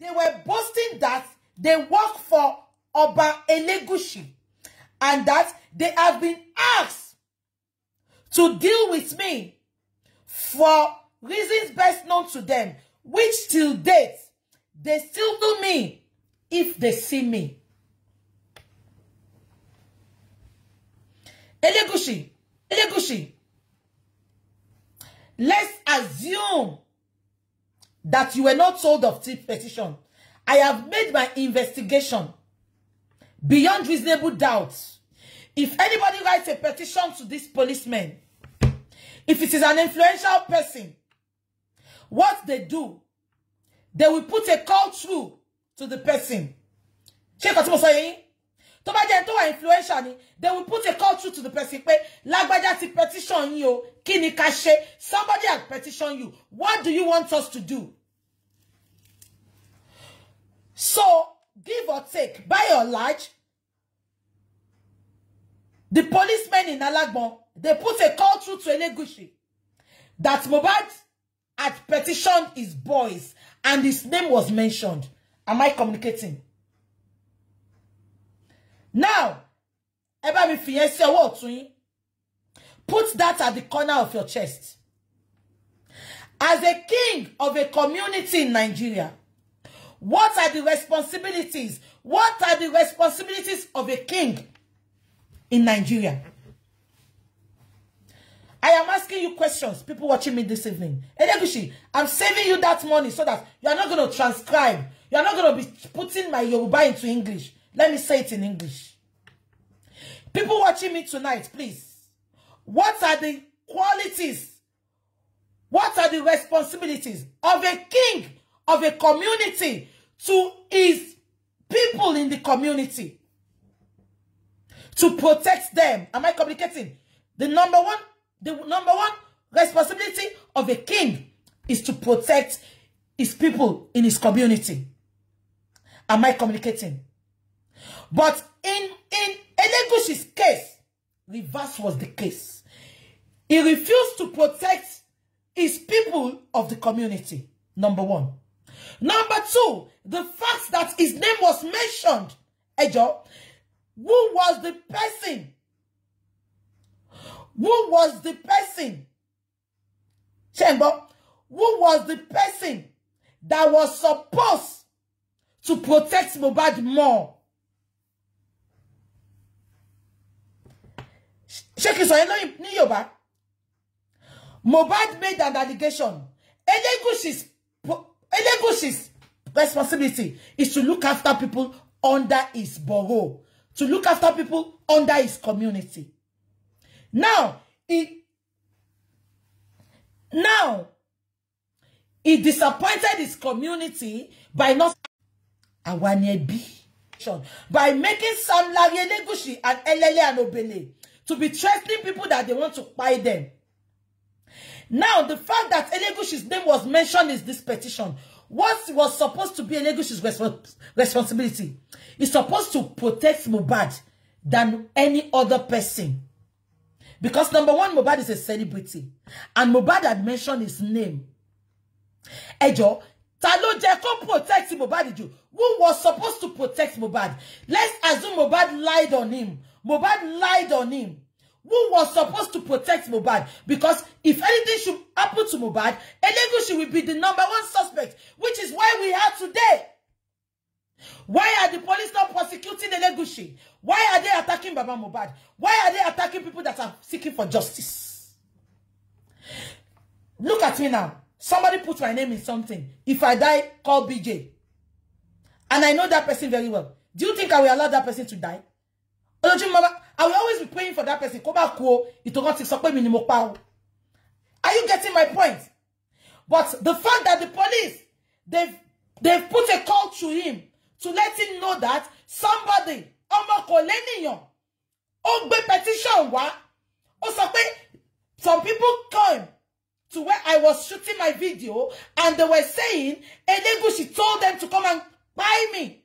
They were boasting that they work for Oba Elegushi and that they have been asked to deal with me for reasons best known to them, which till date they still do me if they see me. Elegushi, Elegushi, let's assume that you were not told of the petition. I have made my investigation beyond reasonable doubt. If anybody writes a petition to this policeman, if it is an influential person, what they do, they will put a call through to the person. Check out what I'm tó tó influential they will put a call through to the person pé lágbájá petition you, o kí somebody has petitioned you what do you want us to do so, give or take, by or large, the policemen in Alagbon, they put a call through to Elegushi that Mobad had petitioned his boys and his name was mentioned. Am I communicating? Now, ẹ bá mi fi Put that at the corner of your chest. As a king of a community in Nigeria, what are the responsibilities? What are the responsibilities of a king in Nigeria? I am asking you questions, people watching me this evening. Elegushi, I'm saving you that money so that you are not going to transcribe. You are not going to be putting my Yoruba into English. Let me say it in English. People watching me tonight, please. What are the qualities? What are the responsibilities of a king of a community to his people in the community to protect them. Am I communicating? The number one, the number one responsibility of a king is to protect his people in his community. Am I communicating? But in in Elegush's case, reverse was the case. He refused to protect his people of the community. Number one. Number two, the fact that his name was mentioned. Ejo, who was the person? Who was the person? Chamber, who was the person that was supposed to protect Mobad more? Check know Isoyelo ní Yorùbá. Mobad made an allegation. Elegushi Elebushi's responsibility is to look after people under his borough, to look after people under his community. Now, he, now, he disappointed his community by not by making some Larry Elegushi and Elele and Obele to be threatening people that they want to buy them. Now, the fact that Elegush's name was mentioned in this petition. What was supposed to be Elegush's respons responsibility is supposed to protect Mubad than any other person. Because number one, Mubad is a celebrity. And Mubad had mentioned his name. Ejo, Talo Jeko protects Mubad. Who was supposed to protect Mubad? Let's assume Mubad lied on him. Mubad lied on him who was supposed to protect Mubad. Because if anything should happen to Mubad, Elegushi will be the number one suspect, which is why we are today. Why are the police not prosecuting Elegushi? Why are they attacking Baba Mubad? Why are they attacking people that are seeking for justice? Look at me now. Somebody put my name in something. If I die, call BJ. And I know that person very well. Do you think I will allow that person to die? Olojumaba, I will always be praying for that person. Come back, it's not ìtòkàn ti sọ me mi Are you getting my point? But the fact that the police, they've, they've put a call to him to let him know that somebody, ọmọ kò lẹ́nìyàn, ó petition ó some people came to where I was shooting my video and they were saying she told them to come and buy me.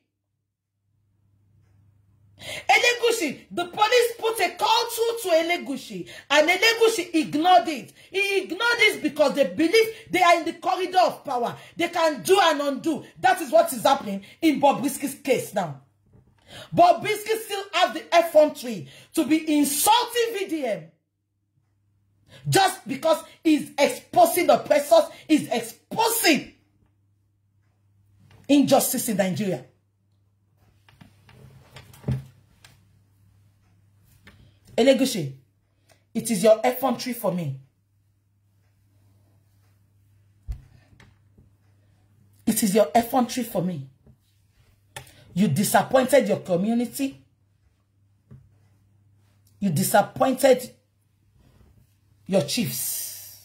Elegushi, the police put a call through to Elegushi, and Elegushi ignored it. He ignored it because they believe they are in the corridor of power. They can do and undo. That is what is happening in Bobrisky's case now. Bobrisky still has the effrontery to be insulting VDM just because he's exposing the oppressors, he's exposing injustice in Nigeria. Elegushi, it is your effrontery for me. It is your effrontery for me. You disappointed your community. You disappointed your chiefs.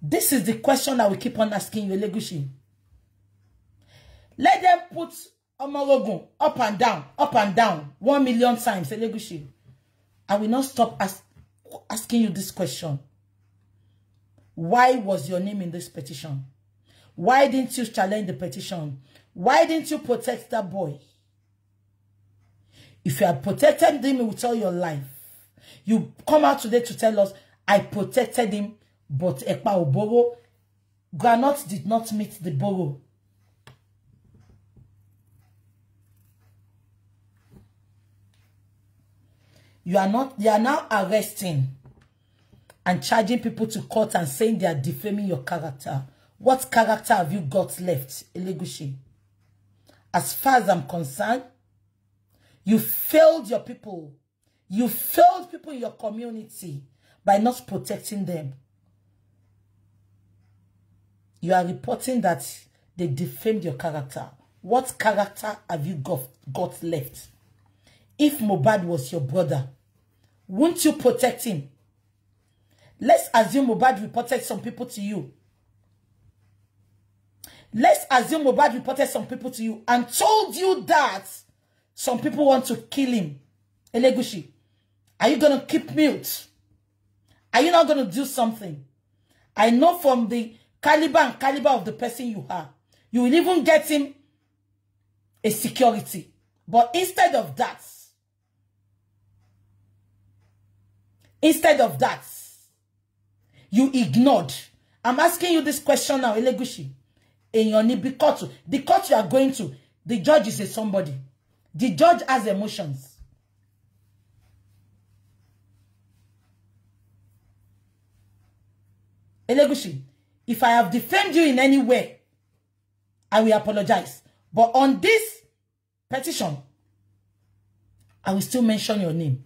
This is the question I will keep on asking you, Elegushi. Let them put Omawogun, up and down, up and down, one million times. I will not stop as asking you this question. Why was your name in this petition? Why didn't you challenge the petition? Why didn't you protect that boy? If you had protected him with all your life, you come out today to tell us, I protected him, but Ekpa Oboro, Granot did not meet the borough. you are not they are now arresting and charging people to court and saying they are defaming your character what character have you got left Elegushi as far as i'm concerned you failed your people you failed people in your community by not protecting them you are reporting that they defamed your character what character have you got, got left if Mubad was your brother? Won't you protect him? Let's assume Mubad reported some people to you. Let's assume Mubad reported some people to you and told you that some people want to kill him. Elegushi, are you going to keep mute? Are you not going to do something? I know from the caliber and caliber of the person you are, you will even get him a security. But instead of that, Instead of that, you ignored. I'm asking you this question now, Elegushi. In your Nibi court, the court you are going to, the judge is a somebody. The judge has emotions. Elegushi, if I have defamed you in any way, I will apologize. But on this petition, I will still mention your name.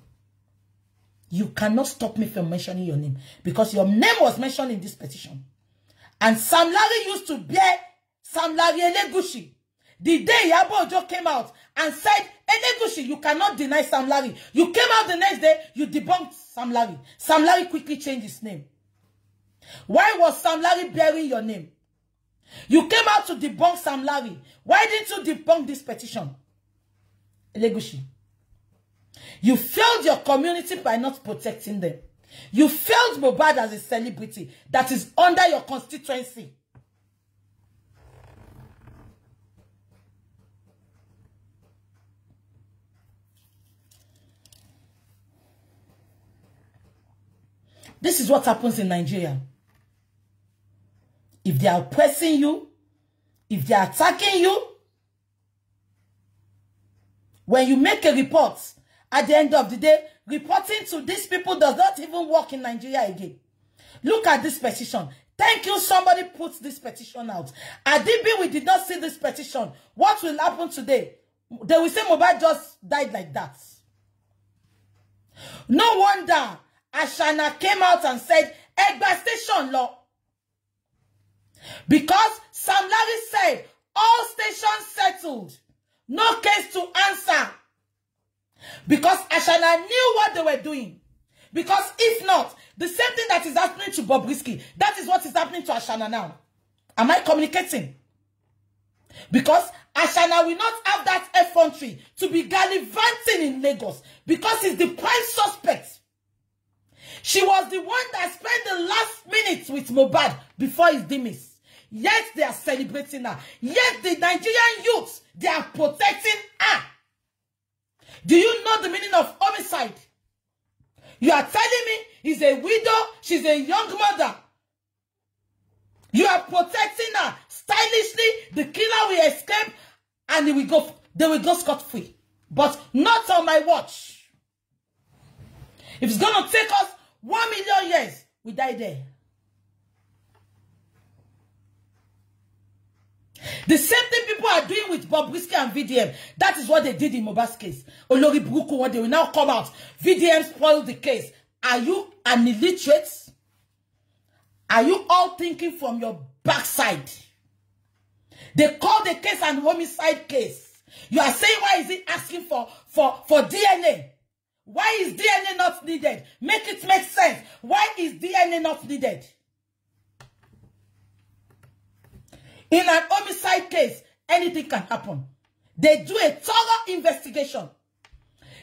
You cannot stop me from mentioning your name because your name was mentioned in this petition. And Sam Larry used to bear Sam Larry Elegushi. The day Yabo came out and said, Elegushi, you cannot deny Sam Larry. You came out the next day, you debunked Sam Larry. Sam Larry quickly changed his name. Why was Sam Larry bearing your name? You came out to debunk Sam Larry. Why didn't you debunk this petition? Elegushi. You failed your community by not protecting them. You failed Mobad as a celebrity that is under your constituency. This is what happens in Nigeria. If they are oppressing you, if they are attacking you, when you make a report at the end of the day, reporting to these people does not even work in Nigeria again. Look at this petition. Thank you, somebody put this petition out. D B, we did not see this petition. What will happen today? They will say Mobile just died like that. No wonder Ashana came out and said, Egba station law. Because Sam Larry said, all stations settled. No case to answer. Because Ashana knew what they were doing. Because if not, the same thing that is happening to Bob Risky, that is what is happening to Ashana now. Am I communicating? Because Ashana will not have that effrontery to be gallivanting in Lagos because he's the prime suspect. She was the one that spent the last minutes with Mobad before his demise. Yet they are celebrating her. Yet the Nigerian youths, they are protecting her. Do you know the meaning of homicide? You are telling me he's a widow, she's a young mother. You are protecting her stylishly. The killer will escape and they will go, they will go scot-free. But not on my watch. If it's going to take us one million years, we die there. The same thing people are doing with Bob Bobrisky and VDM. That is what they did in Mobas case. Olori Buruku, what they will now come out. VDM spoiled the case. Are you an illiterate? Are you all thinking from your backside? They call the case an homicide case. You are saying, why is he asking for, for, for DNA? Why is DNA not needed? Make it make sense. Why is DNA not needed? In an homicide case, anything can happen. They do a thorough investigation.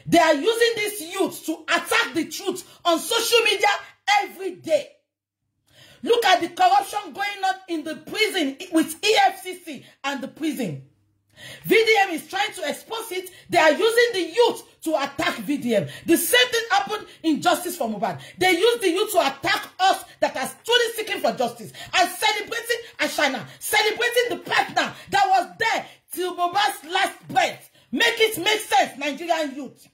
They are using these youths to attack the truth on social media every day. Look at the corruption going on in the prison with EFCC and the prison. VDM is trying to expose it. They are using the youth to attack VDM. The same thing happened in Justice for Mubad. They used the youth to attack us that are truly seeking for justice and celebrating Ashana, celebrating the partner that was there till Mubad's last breath. Make it make sense, Nigerian youth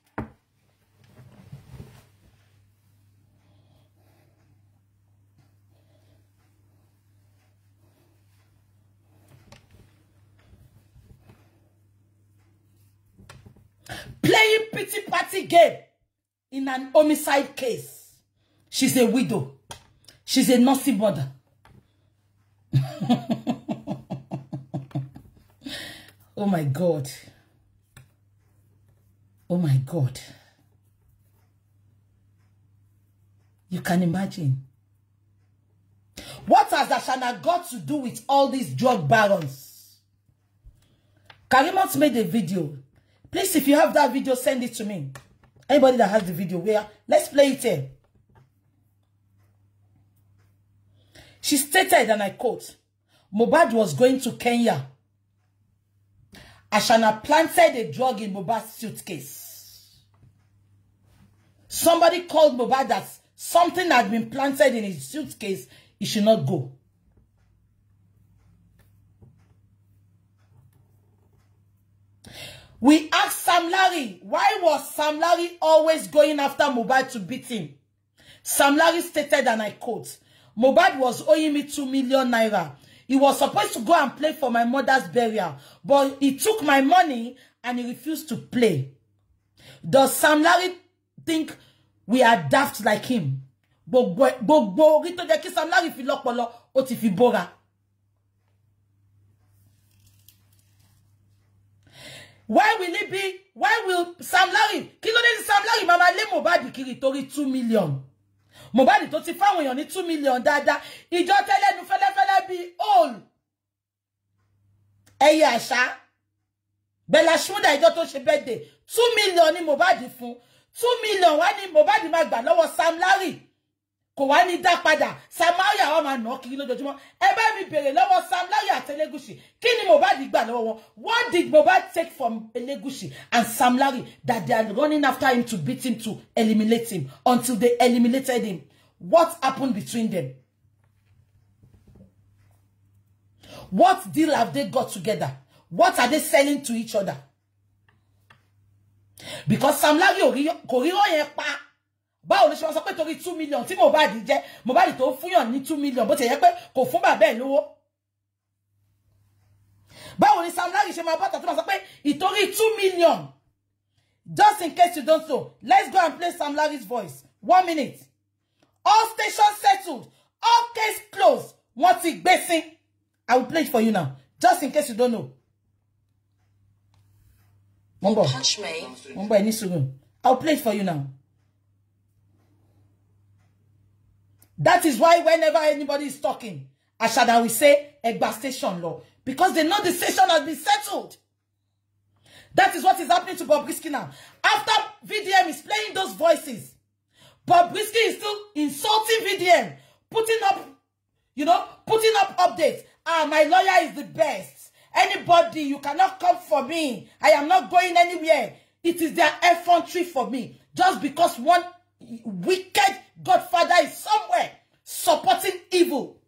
playing pity party game in an homicide case. She's a widow. She's a nasty mother. oh my God. Oh my God. You can imagine. What has Ashana got to do with all these drug barons? Karimot made a video Please, if you have that video, send it to me. Anybody that has the video, where let's play it here. She stated, and I quote, Mobad was going to Kenya. Ashana planted a drug in Mobad's suitcase. Somebody called Mobad that something had been planted in his suitcase. He should not go. We asked Sam Larry, why was Sam Larry always going after Mobad to beat him? Sam Larry stated, and I quote, Mobad was owing me 2 million naira. He was supposed to go and play for my mother's burial, but he took my money and he refused to play. Does Sam Larry think we are daft like him? kí Sam Larry fi ó ti fi bóra. why will it be why will Sam Larry kí dé ní Sam Larry màmá lé Mohbad kiri torí two million Mohbad tó ti fáwọn ní two dada dáadáa ìjọ tẹ́lẹ̀nu fẹ́lẹ́fẹ́lẹ́ bíi all. ẹyẹ àṣà Bella Shmurda ìjọ tó ṣe two million ní Mohbad fún two wani wá ní Mohbad máa gbà Sam Larry kò wá ní dá padà samaya wa máa nà kiri lójoojúmọ́ ẹ bá mi bèrè lọ́wọ́ samlaya àti Kini kí ni Mohbad gbà lọ́wọ́ wọn what did Mohbad take from elégùsì and Sam that they are running after him to beat him to eliminate him until they eliminated him what happened between them what deal have they got together what are they selling to each other because Sam Larry kò rí kò pa báwo ló ṣe wá sọ pé torí two million tí Mohbad jẹ́ Mohbad tó fúnyàn ní two million bó ti yẹ pé kò fún bàbá ẹ̀ lówó báwo ni Sam Larry ṣe máa bọ́tà tó máa sọ pé ìtorí two million just in case you don't know let's go and play Sam Larry's voice one minute all stations settled all case closed wọ́n ti gbé i will play it for you now just in case you don't know. Mumbo. Punch me. Mumbo, I need to go. I'll play it for you now. That is why whenever anybody is talking, Ashada will say a Station Law. Because they know the station has been settled. That is what is happening to Bob Risky now. After VDM is playing those voices, Bob Risky is still insulting VDM, putting up, you know, putting up updates. Ah, my lawyer is the best. Anybody, you cannot come for me. I am not going anywhere. It is their effrontery for me. Just because one wicked godfather is somewhere supporting evil,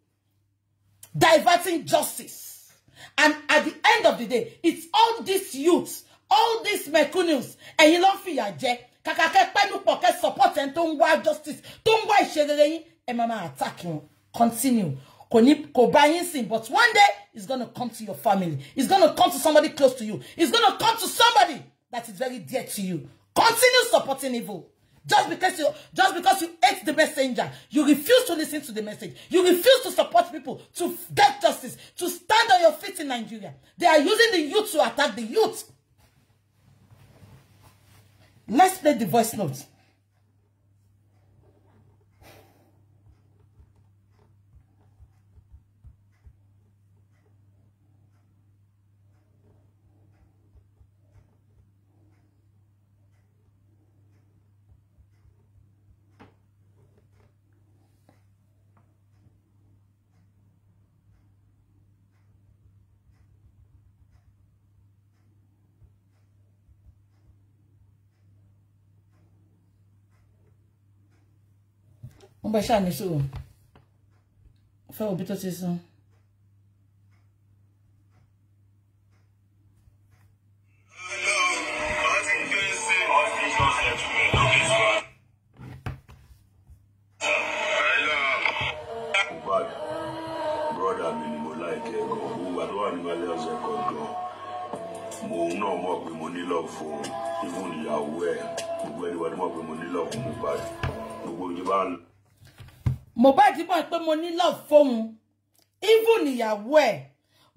diverting justice. And at the end of the day, it's all these youths, all these mecunius, and ló ń fìyà jẹ, kàkà kẹ́ pẹ́lúpọ̀ kẹ́ support ẹni tó ń justice, tó ń wá ìṣerere yín, ẹ máa attack wọn, continue. konip ní kò bá sìn, but one day it's gonna come to your family. It's gonna come to somebody close to you. It's gonna come to somebody that is very dear to you. Continue supporting evil. Just because you just because you hate the messenger, you refuse to listen to the message, you refuse to support people to get justice, to stand on your feet in Nigeria. They are using the youth to attack the youth. Let's play the voice notes. Mwen bè chan nè sou. Fè wò bito se son.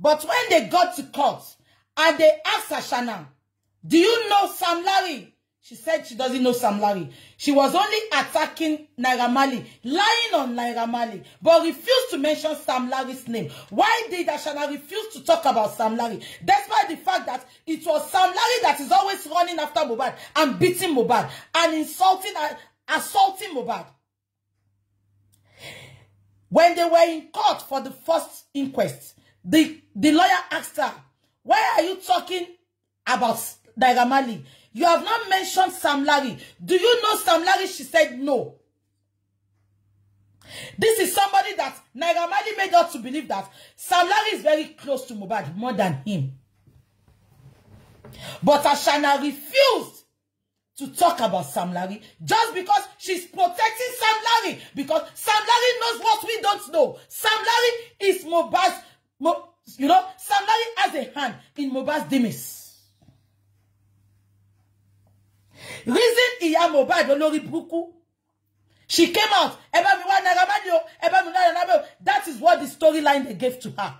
But when they got to court and they asked Ashana, do you know Sam Larry? She said she doesn't know Sam Larry. She was only attacking Nairamali, lying on Nairamali, but refused to mention Sam Larry's name. Why did Ashana refuse to talk about Sam Larry? Despite the fact that it was Sam Larry that is always running after Mubad and beating Mubad and insulting and assaulting Mubad? When they were in court for the first inquest, the, the lawyer asked her, why are you talking about Daigamali? You have not mentioned Sam Larry. Do you know Sam Larry? She said no. This is somebody that Nagamali made us to believe that Samlari is very close to Mubad, more than him. But Ashana refused to talk about Samlari just because she's protecting Samlari because Samlari knows what we don't know. Samlari is Mubad's you know, somebody has a hand in Moba's demise. Reason ìyá Mohbad olórí burúkú. She came out. That is what the storyline they gave to her.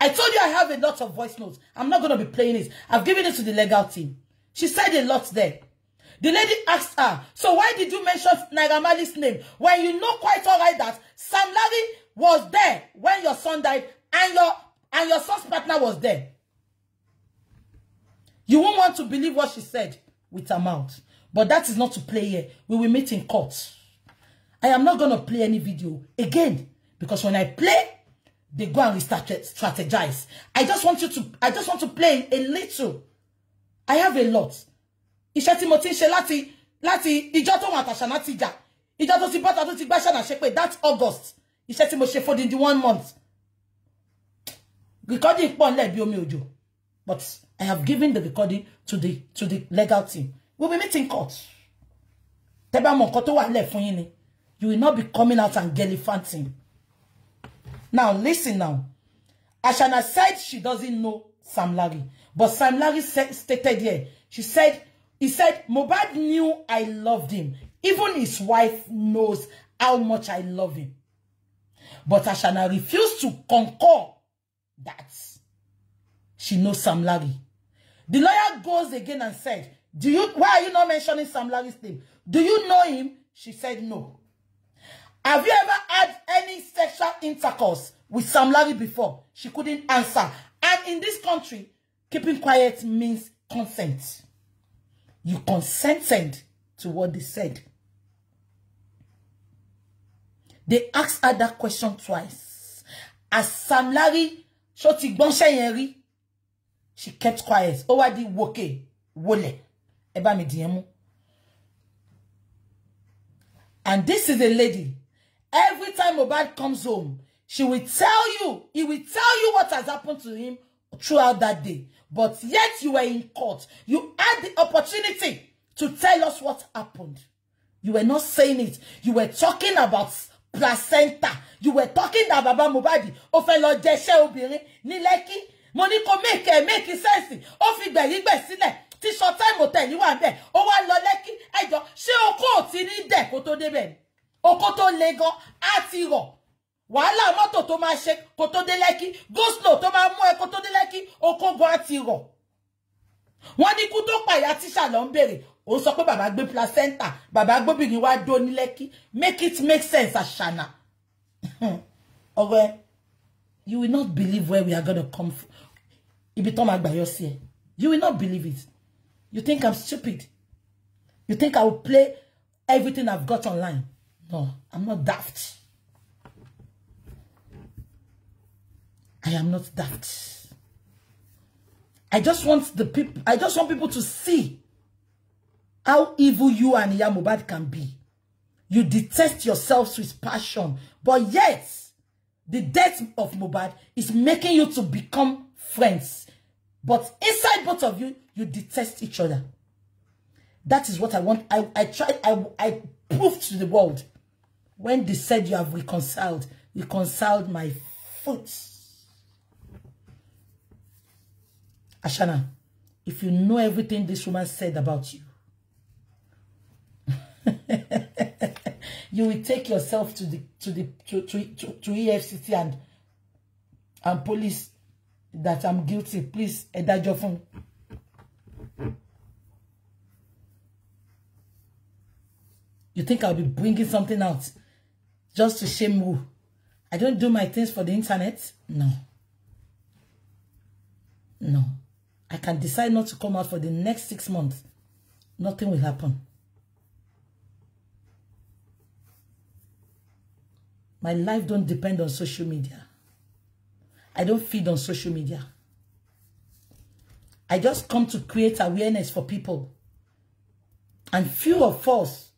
I told you I have a lot of voice notes. I'm not going to be playing it. I've given it to the legal team. She said a lot there. The lady asked her, so why did you mention Nagamali's name? When you know quite all right that Sam Larry was there when your son died and your and your son's partner was there. You won't want to believe what she said with her mouth. But that is not to play here. We will meet in court. I am not going to play any video again. Because when I play, they go and strategize. I just want you to, I just want to play a little. I have a lot. Iṣẹ́ tí mo láti, láti, ìjọ that's August iṣẹ́ tí mo ṣe fódìdí one month recording pọ̀ nílẹ̀ bí omi òjò but I have given the recording to the to the legal team we will be meeting court tẹ́ bá mọ nǹkan tó wà nílẹ̀ fún yín you will not be coming out and gallivanting now listen now Ashana said she doesn't know Sam Larry but Sam Larry said, stated here she said he said Mohbad knew I loved him even his wife knows how much I love him but I shall not refuse to concur that she knows Sam Larry. The lawyer goes again and said, Do you why are you not mentioning Sam Larry's name? Do you know him? She said no. Have you ever had any sexual intercourse with Sam Larry before? She couldn't answer. And in this country, keeping quiet means consent. You consented to what they said. They asked her that question twice. As Sam Larry, Shoti Bonshayeri, she kept quiet. Ó wá wòkè, wólẹ̀. Ẹ mi And this is a lady. Every time Obad comes home, she will tell you, he will tell you what has happened to him throughout that day. But yet you were in court. You had the opportunity to tell us what happened. You were not saying it. You were talking about placenta you were talking that baba Mubadi ó fẹ́ lọ jẹṣẹ́ obìnrin ní Lẹ́kì mo ní kó make ẹ̀ make sense ó fi gbẹ̀yìngbẹ̀ sílẹ̀ tí short time hotel You want bẹ́ẹ̀ ó wá lọ Lẹ́kì ẹjọ́ ṣé okó Tiri ti ní dẹ̀ kó tó débẹ̀ ni de ko Okoto lego tó le gan á mọ́tò tó máa ṣe dé Lẹ́kì go slow tó máa mú dé Lẹ́kì okó gan atiro. Wani kuto wọ́n ní kú tó ó sọ pé bàbá gbé placenta bàbá gbóbìnrin wá dó ní lẹ́kí make it make sense Ashana. Okay, you will not believe where we are gonna come from ibi gbà yọ sí you will not believe it you think i'm stupid you think i will play everything i've got online no i'm not daft i am not daft i just want the people i just want people to see how evil you and Yamubad can be. You detest yourselves with passion, but yet the death of Mubad is making you to become friends. But inside both of you, you detest each other. That is what I want. I, I tried, I, I proved to the world when they said you have reconciled, reconciled my foot. Ashana, if you know everything this woman said about you, you will take yourself to the to the to, to, to, to EFCC and and police that I'm guilty. Please, ẹ dájọ́ fún. You think I'll be bringing something out just to shame you? I don't do my things for the internet. No. No. I can decide not to come out for the next six months. Nothing will happen. My life don't depend on social media. I don't feed on social media. I just come to create awareness for people. And few of us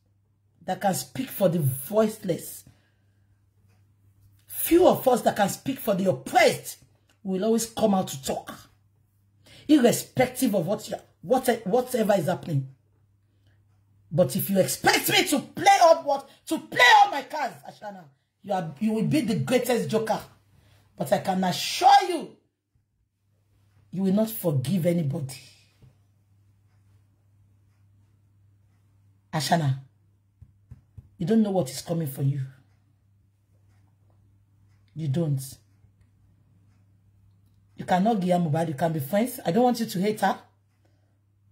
that can speak for the voiceless. Few of us that can speak for the oppressed will always come out to talk. Irrespective of what you, what, whatever is happening. But if you expect me to play up what to play all my cards, Ashana, you, are, you will be the greatest joker. But I can assure you, you will not forgive anybody. Ashana, you don't know what is coming for you. You don't. You cannot give her mobile. You can be friends. I don't want you to hate her.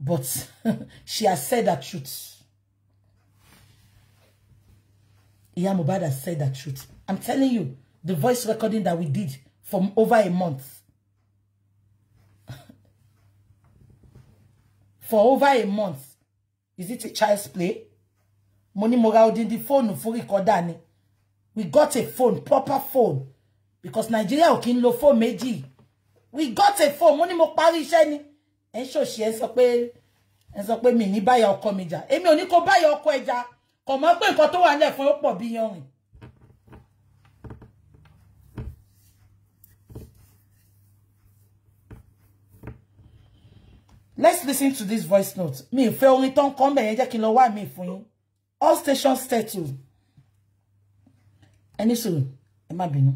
But she has said the truth. Iya Mohbad has said the truth. I'm telling you, the voice recording that we did from over a month. for over a month. Is it a child's play? Money moral in the phone for recordani. We got a phone, proper phone. Because Nigeria ò kí lo phone méjì. We got a phone. Money Ẹ ń ṣòṣì ẹ ń sọ pé ẹ ń sọ pé mi ní báyà ọkọ mi jà. Èmi ò ní kó báyà ọkọ kò mọ̀ pé nǹkan tó wà nílẹ̀ fún ó pọ̀ bí yanrìn let's listen to this voice note mi ì fẹ́ orin tó ń kọ́ mẹ́yẹn jẹ́ kí n lọ wá mi fún yín all stations settle ẹni sùn ẹ má bínú.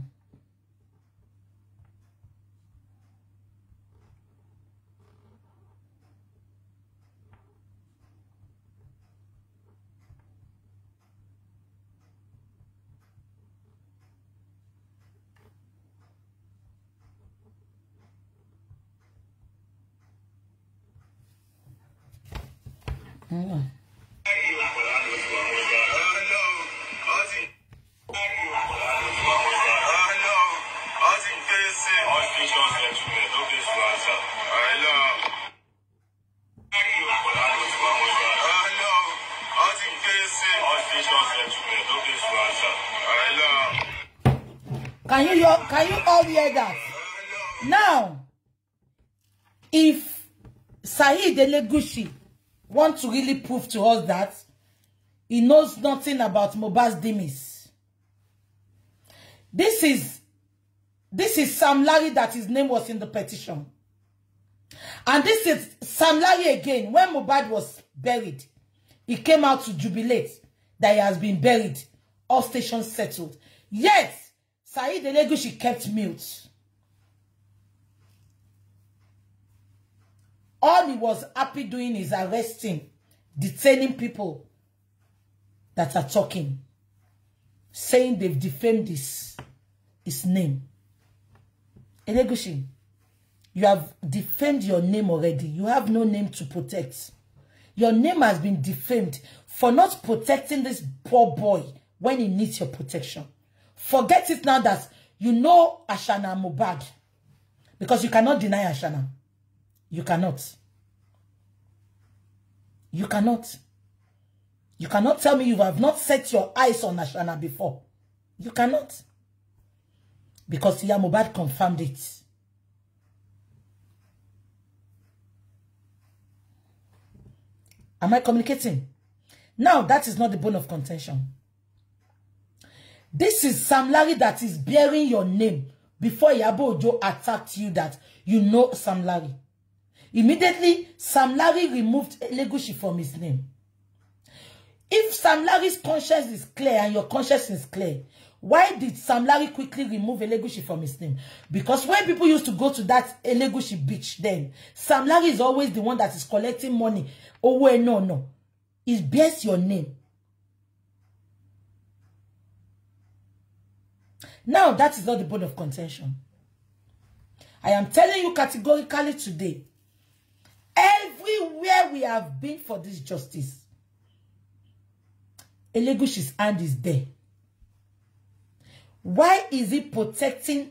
Dele want to really prove to us that he knows nothing about Mobaz Dimis. This is this is Sam Larry that his name was in the petition. And this is Sam Larry again. When Mobad was buried, he came out to jubilate that he has been buried. All stations settled. Yet, Saeed Elegushi kept mute. All he was happy doing is arresting, detaining people that are talking, saying they've defamed his, his name. Elegushi, you have defamed your name already. You have no name to protect. Your name has been defamed for not protecting this poor boy when he needs your protection. Forget it now that you know Ashana Mubad. Because you cannot deny Ashana. You cannot. You cannot. You cannot tell me you have not set your eyes on Ashana before. You cannot. Because Yamubad confirmed it. Am I communicating? Now, that is not the bone of contention. This is Sam Larry that is bearing your name before Yabo Ojo attacked you that you know Sam Larry. Immediately, Sam Larry removed Legushi from his name. If Sam Larry's conscience is clear and your conscience is clear, why did Sam Larry quickly remove Elegushi from his name? Because when people used to go to that Elegushi beach then, Sam Larry is always the one that is collecting money. Oh, well, no, no. It bears your name. Now, that is not the bone of contention. I am telling you categorically today Everywhere we have been for this justice, Elegush's hand is there. Why is he protecting?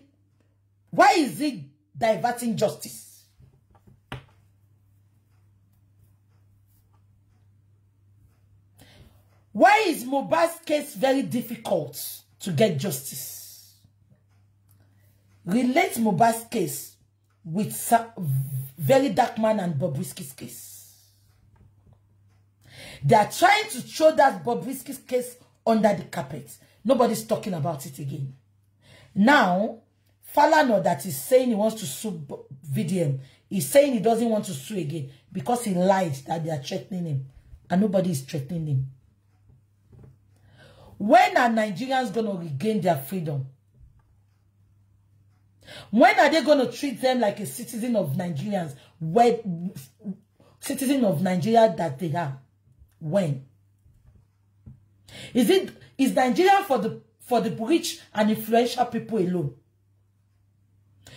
Why is he diverting justice? Why is Mobas case very difficult to get justice? Relate Mobas case with very Dark Man and Bobrisky's case. They are trying to throw that Bobrisky's case under the carpet. Nobody's talking about it again. Now, Falano that is saying he wants to sue VDM, he's saying he doesn't want to sue again because he lied that they are threatening him. And nobody is threatening him. When are Nigerians going to regain their freedom? When are they going to treat them like a citizen of Nigerians? citizen of Nigeria that they are? When? Is it is Nigeria for the for the rich and influential people alone?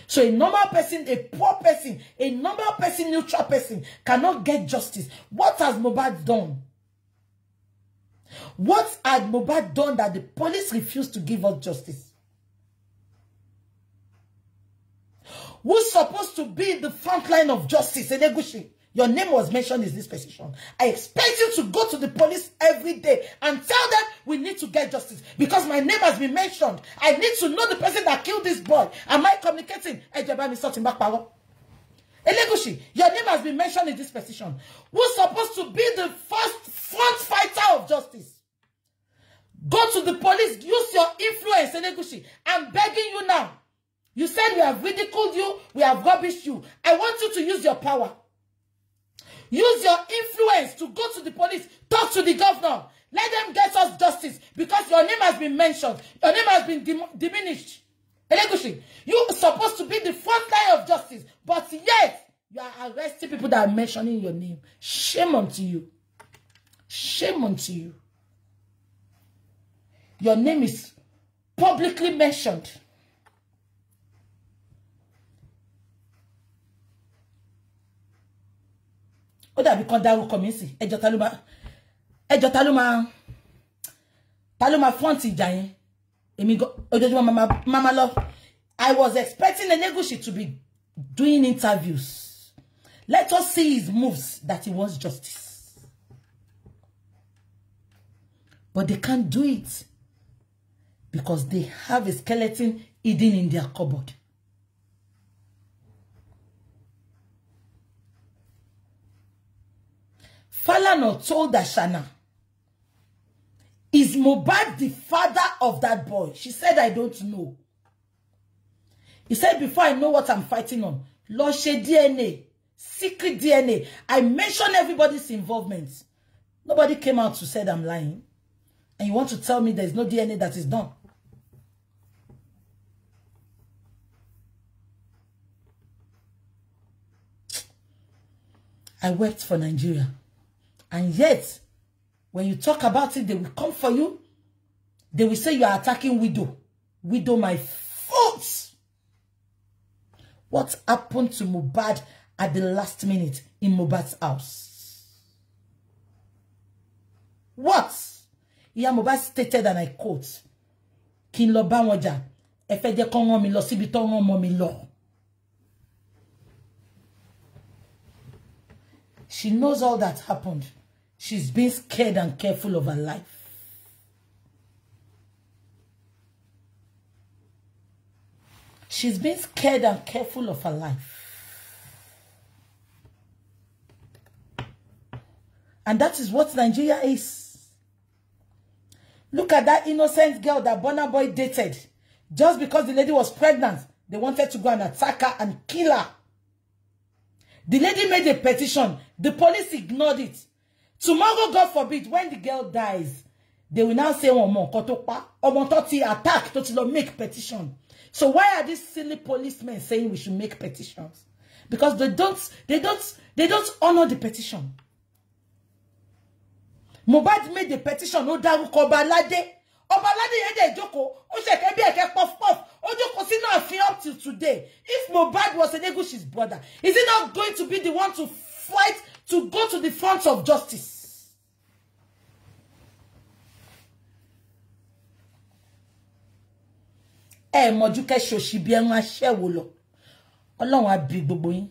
So a normal person, a poor person, a normal person, neutral person cannot get justice. What has Mobad done? What had Mobad done that the police refused to give us justice? who's supposed to be the front line of justice in Your name was mentioned in this petition. I expect you to go to the police every day and tell them we need to get justice because my name has been mentioned. I need to know the person that killed this boy. Am I communicating? Ejebami sorting back power. Elegushi, your name has been mentioned in this petition. Who's supposed to be the first front fighter of justice? Go to the police, use your influence, Elegushi. I'm begging you now. You said we have ridiculed you, we have rubbished you. I want you to use your power. Use your influence to go to the police, talk to the governor. Let them get us justice because your name has been mentioned. Your name has been dim diminished. Elegushi, you are supposed to be the front line of justice, but yet you are arresting people that are mentioning your name. Shame unto you. Shame unto you. Your name is publicly mentioned. ó sí mama I was expecting negotiator to be doing interviews let us see his moves that he wants justice but they can't do it because they have a skeleton hidden in their cupboard. Falano told Ashana, is Mobad the father of that boy? She said, I don't know. He said, before I know what I'm fighting on, Loshe DNA, secret DNA. I mentioned everybody's involvement. Nobody came out to say I'm lying. And you want to tell me there's no DNA that is done. I wept for Nigeria. And yet, when you talk about it, they will come for you. They will say you are attacking widow. Widow, my foot. What happened to Mubad at the last minute in Mubad's house? What? Yeah, Mubad stated, and I quote, Kí n lọ bá mi lọ síbi mi lọ. She knows all that happened. She's been scared and careful of her life. She's been scared and careful of her life. And that is what Nigeria is. Look at that innocent girl that Bonner Boy dated. Just because the lady was pregnant, they wanted to go and attack her and kill her. The lady made a petition. The police ignored it. Tomorrow, God forbid, when the girl dies, they will now say, "Oh nǹkan tó pa, ọmọ attack, tó make petition. So why are these silly policemen saying we should make petitions? Because they don't, they don't, they don't honor the petition. Mobad made the petition, ó Daru Ọba Aládé. Ọba Aládé yẹn dẹ̀ jókòó, ó ṣẹ̀kẹ́ bí puff puff, up till today. If Mobad was Elégùṣì's brother, is he not going to be the one to fight to go to the front of justice? ẹ mọ̀jú kẹ́ ṣòṣì bí ẹran aṣẹ́wó lọ ọlọ́run á bí gbogbo yín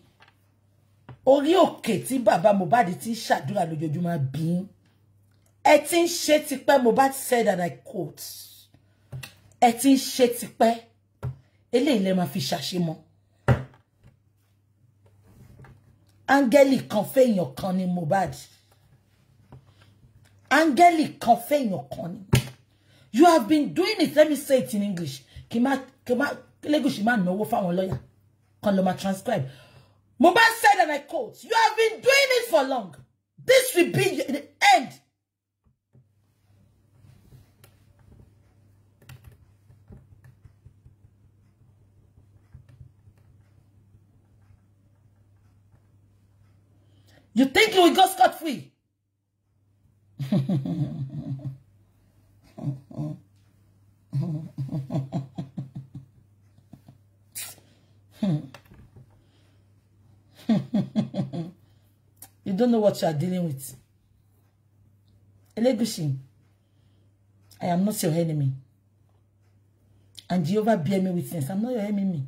orí òkè tí bàbá Mohbad ti ń ṣàdúrà lójoojúmọ́ bí yín ẹ ti ń ṣe tipẹ́ said and I quote ẹ ti ń ṣe tipẹ́ eléyìí lè máa fi ṣàṣemọ́ áńgẹ́lì kan fẹ́yàn kan ni Mohbad áńgẹ́lì kan fẹ́yàn kan ni you have been doing it let me say it in English Kima, kima, kí má no má náwó fáwọn lọ́yà kan ló máa transcribe Mohbad said and I quote you have been doing it for long this will be the end You think you will go scot-free? Hmm. you don't know what you are dealing with. Elegushi, I am not your enemy. And Jehovah bear me witness. I'm not your enemy.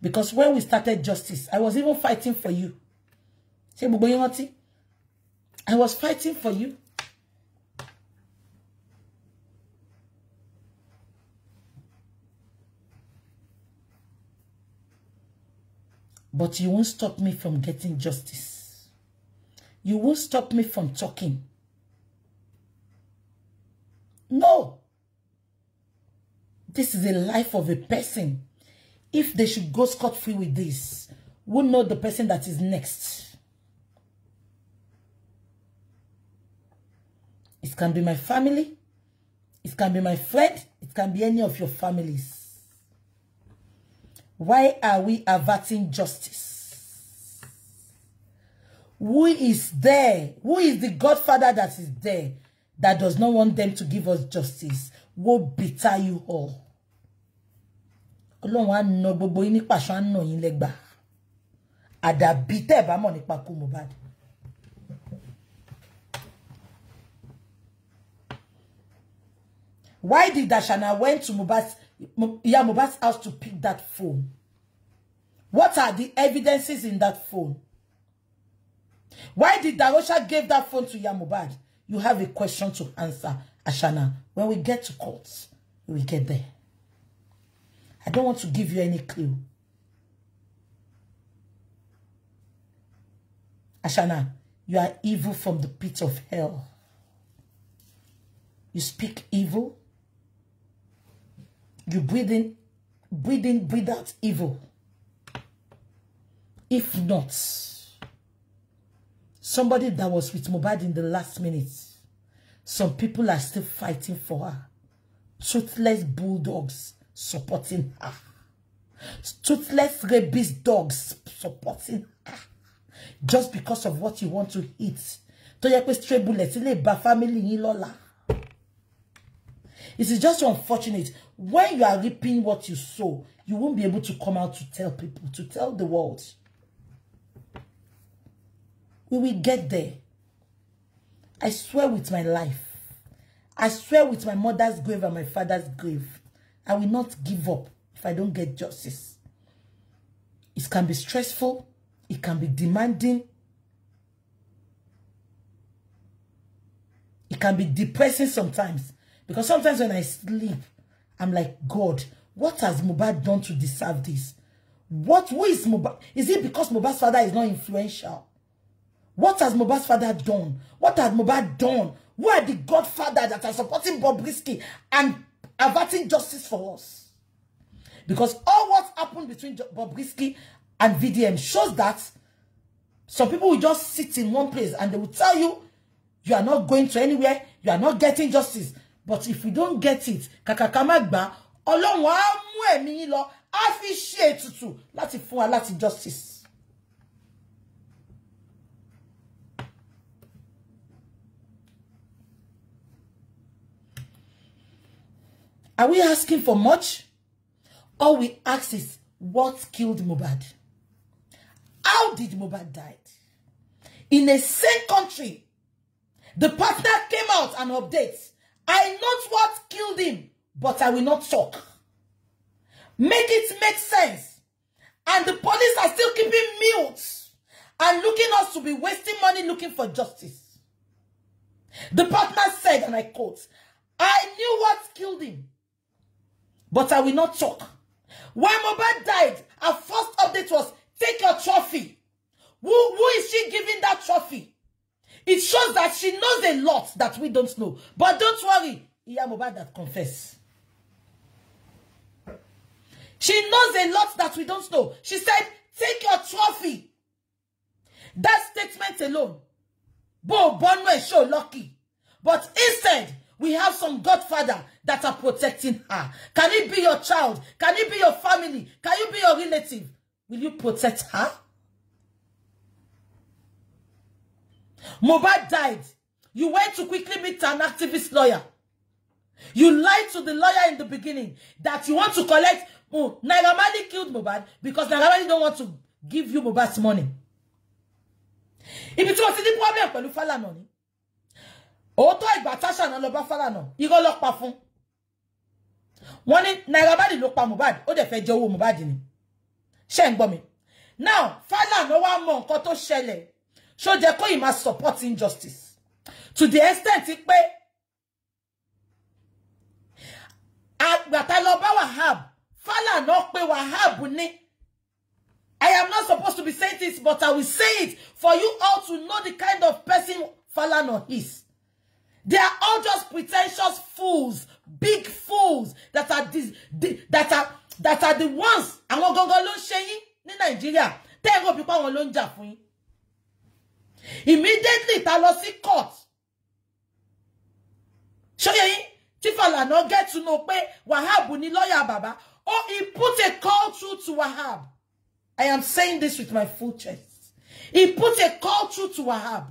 Because when we started justice, I was even fighting for you. Say, I was fighting for you. But you won't stop me from getting justice. You won't stop me from talking. No. This is the life of a person. If they should go scot-free with this, we'll know the person that is next. It can be my family. It can be my friend. It can be any of your families. Why are we averting justice? Who is there? Who is the godfather that is there that does not want them to give us justice? Who bitter you all. Ọlọ́run á na gbogbo yín nípa yín lẹ́gbà. Àdàbí tẹ́ bá mọ̀ nípa kú Why did Dashana went to Mohbad's Iya asked house to pick that phone? What are the evidences in that phone? Why did Darosha give that phone to Iya You have a question to answer, Ashana. When we get to court, we will get there. I don't want to give you any clue. Ashana, you are evil from the pit of hell. You speak evil. You breathe in, breathe in, breathe out evil. If not, somebody that was with Mobad in the last minute, some people are still fighting for her. Toothless bulldogs supporting her. Toothless rabies dogs supporting her. Just because of what you want to eat. To stray bullet, family yín lọ́la. It is just unfortunate when you are reaping what you sow, you won't be able to come out to tell people, to tell the world. We will get there. I swear with my life. I swear with my mother's grave and my father's grave. I will not give up if I don't get justice. It can be stressful. It can be demanding. It can be depressing sometimes. Because sometimes when I sleep, I'm like, God, what has Mubad done to deserve this? What, who is Mubad? Is it because Mubad's father is not influential? What has Mubad's father done? What has Mubad done? Who are the godfather that are supporting Bob Risky and averting justice for us? Because all what's happened between Bob Risky and VDM shows that some people will just sit in one place and they will tell you, you are not going to anywhere, you are not getting justice but if we don't get it kàkàkàmàgbà ọlọ́run á mú ẹ̀mí yín lọ á fi ṣe láti fún láti justice. Are we asking for much? All we ask is, what killed Mubad? How did Mubad die? In the same country, the partner came out and updates I not what killed him, but I will not talk. Make it make sense. And the police are still keeping mute and looking us to be wasting money looking for justice. The partner said, and I quote, I knew what killed him, but I will not talk. When Mobad died, our first update was, take your trophy. Who, who is she giving that trophy? It shows that she knows a lot that we don't know. But don't worry, Iya Mohbad that confess. She knows a lot that we don't know. She said, take your trophy. That statement alone. Bo Bonwe show lucky. But instead, we have some godfather that are protecting her. Can it be your child? Can it be your family? Can you be your relative? Will you protect her? Mubad died. You went to quickly meet an activist lawyer. You lied to the lawyer in the beginning that you want to collect. Oh, Nagamadi killed Mubad because Nagamadi don't want to give you Mubad's money. If you want to ni. problem you follow money. Oto igba batasha na lọ bá no. irọ́ ló pa fún. Wọ́n Nagamadi ló pa Mubad. ó dẹ̀ fẹ́ jẹ owó ni. Ṣé Now, wá mọ koto tó ṣó jẹ́ kó yìí máa support injustice to the extent pé àgbàtà lọ bá Wahab no pé Wahab I am not supposed to be saying this but I will say it for you all to know the kind of person no is. They are all just pretentious fools, big fools that are this, the, that are that are the ones I'm ló ń ṣe yín ní Nàìjíríà tẹ́ ẹ rò bí pa àwọn ló immediately ta lọ sí court ṣóyẹ yín tí no get to know pé Wahab ní lawyer, bàbá oh he put a call through to Wahab I am saying this with my full chest he put a call through to Wahab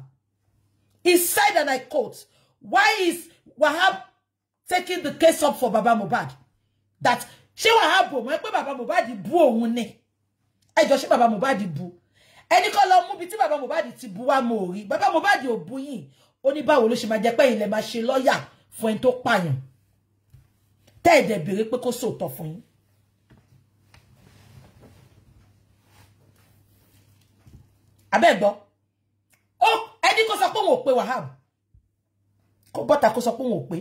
he said and I quote why is Wahab taking the case up for Baba Mubad? that she Wahab mọ̀ pé Baba Mohbad bú òun ni ẹjọ́ ṣé Baba Mohbad bú ẹni kọ́ lọ mú bi tí bàbá Mohbad ti bu wá mo rí bàbá Mohbad ò bu yín ó ní báwo ló ṣe máa jẹ́ pé ilẹ̀ máa ṣe lọ́ọ̀yà fún ẹni tó pààyàn tẹ́ ẹ̀dẹ̀ béèrè pé kó sòótọ́ fún yín. abẹ́gbọ́ ó ẹni kó sọ pé òun ò pe Wahab kó bọ́ta kó sọ pé òun ò pe.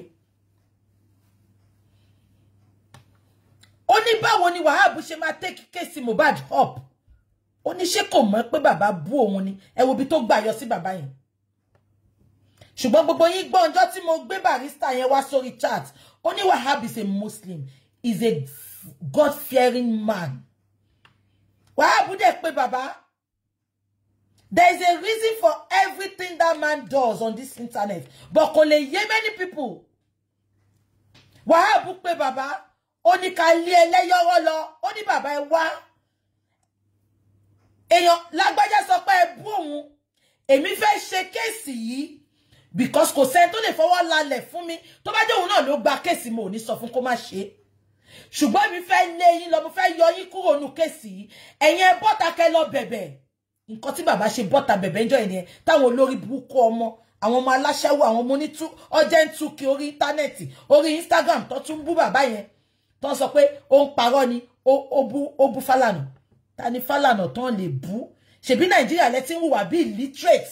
ó ní báwo ni Wahab ṣe máa take kéèsì Mohbad up. Only she se ko mo pe baba bu will ni e wo your tó gbà yọ sí bàbá yẹn ṣùgbọ́n gbogbo yín gbọ́ ọjọ́ tí mo gbé barista yẹn wá sórí chat Only Wahab is a Muslim is a God-fearing man Wahab dẹ̀ pé bàbá there is a reason for everything that man does on this internet but kò lè yé many people Wahab pé bàbá ó ní ká lé ẹlẹ́yọ́rọ́ lọ ó bàbá ẹ wá. èèyàn lágbájá sọ pé ẹ bú òun èmi fẹ́ ṣe kéèsì yìí because kò sẹ́ni tó lè fọwọ́ lalẹ̀ fún mi tó bá jẹ́ òun náà ló gba kéèsì mo ò ní sọ fún kó má ṣe ṣùgbọ́n mi fẹ́ lé yín lọ mo fẹ́ yọ yín kúrò nu kéèsì yìí ẹ̀yin ẹ bọ́ta kẹ lọ bẹ̀bẹ̀ nǹkan tí bàbá ṣe bọ́ta bẹ̀bẹ̀ ńjọ́ yẹn táwọn olórí burúkú ọmọ àwọn ọmọ aláṣẹ́wó àwọn ọmọ onítú ọjẹ́ ń túkì orí íńtánẹ́ẹ̀tì orí Instagram tó tún bú bàbá yẹn tó sọ pé ó ń parọ́ ni ó bú Fálànà ta ni Fálànà tán lè bú ṣebí Nàìjíríà lẹ ti ń hùwà bí illiterate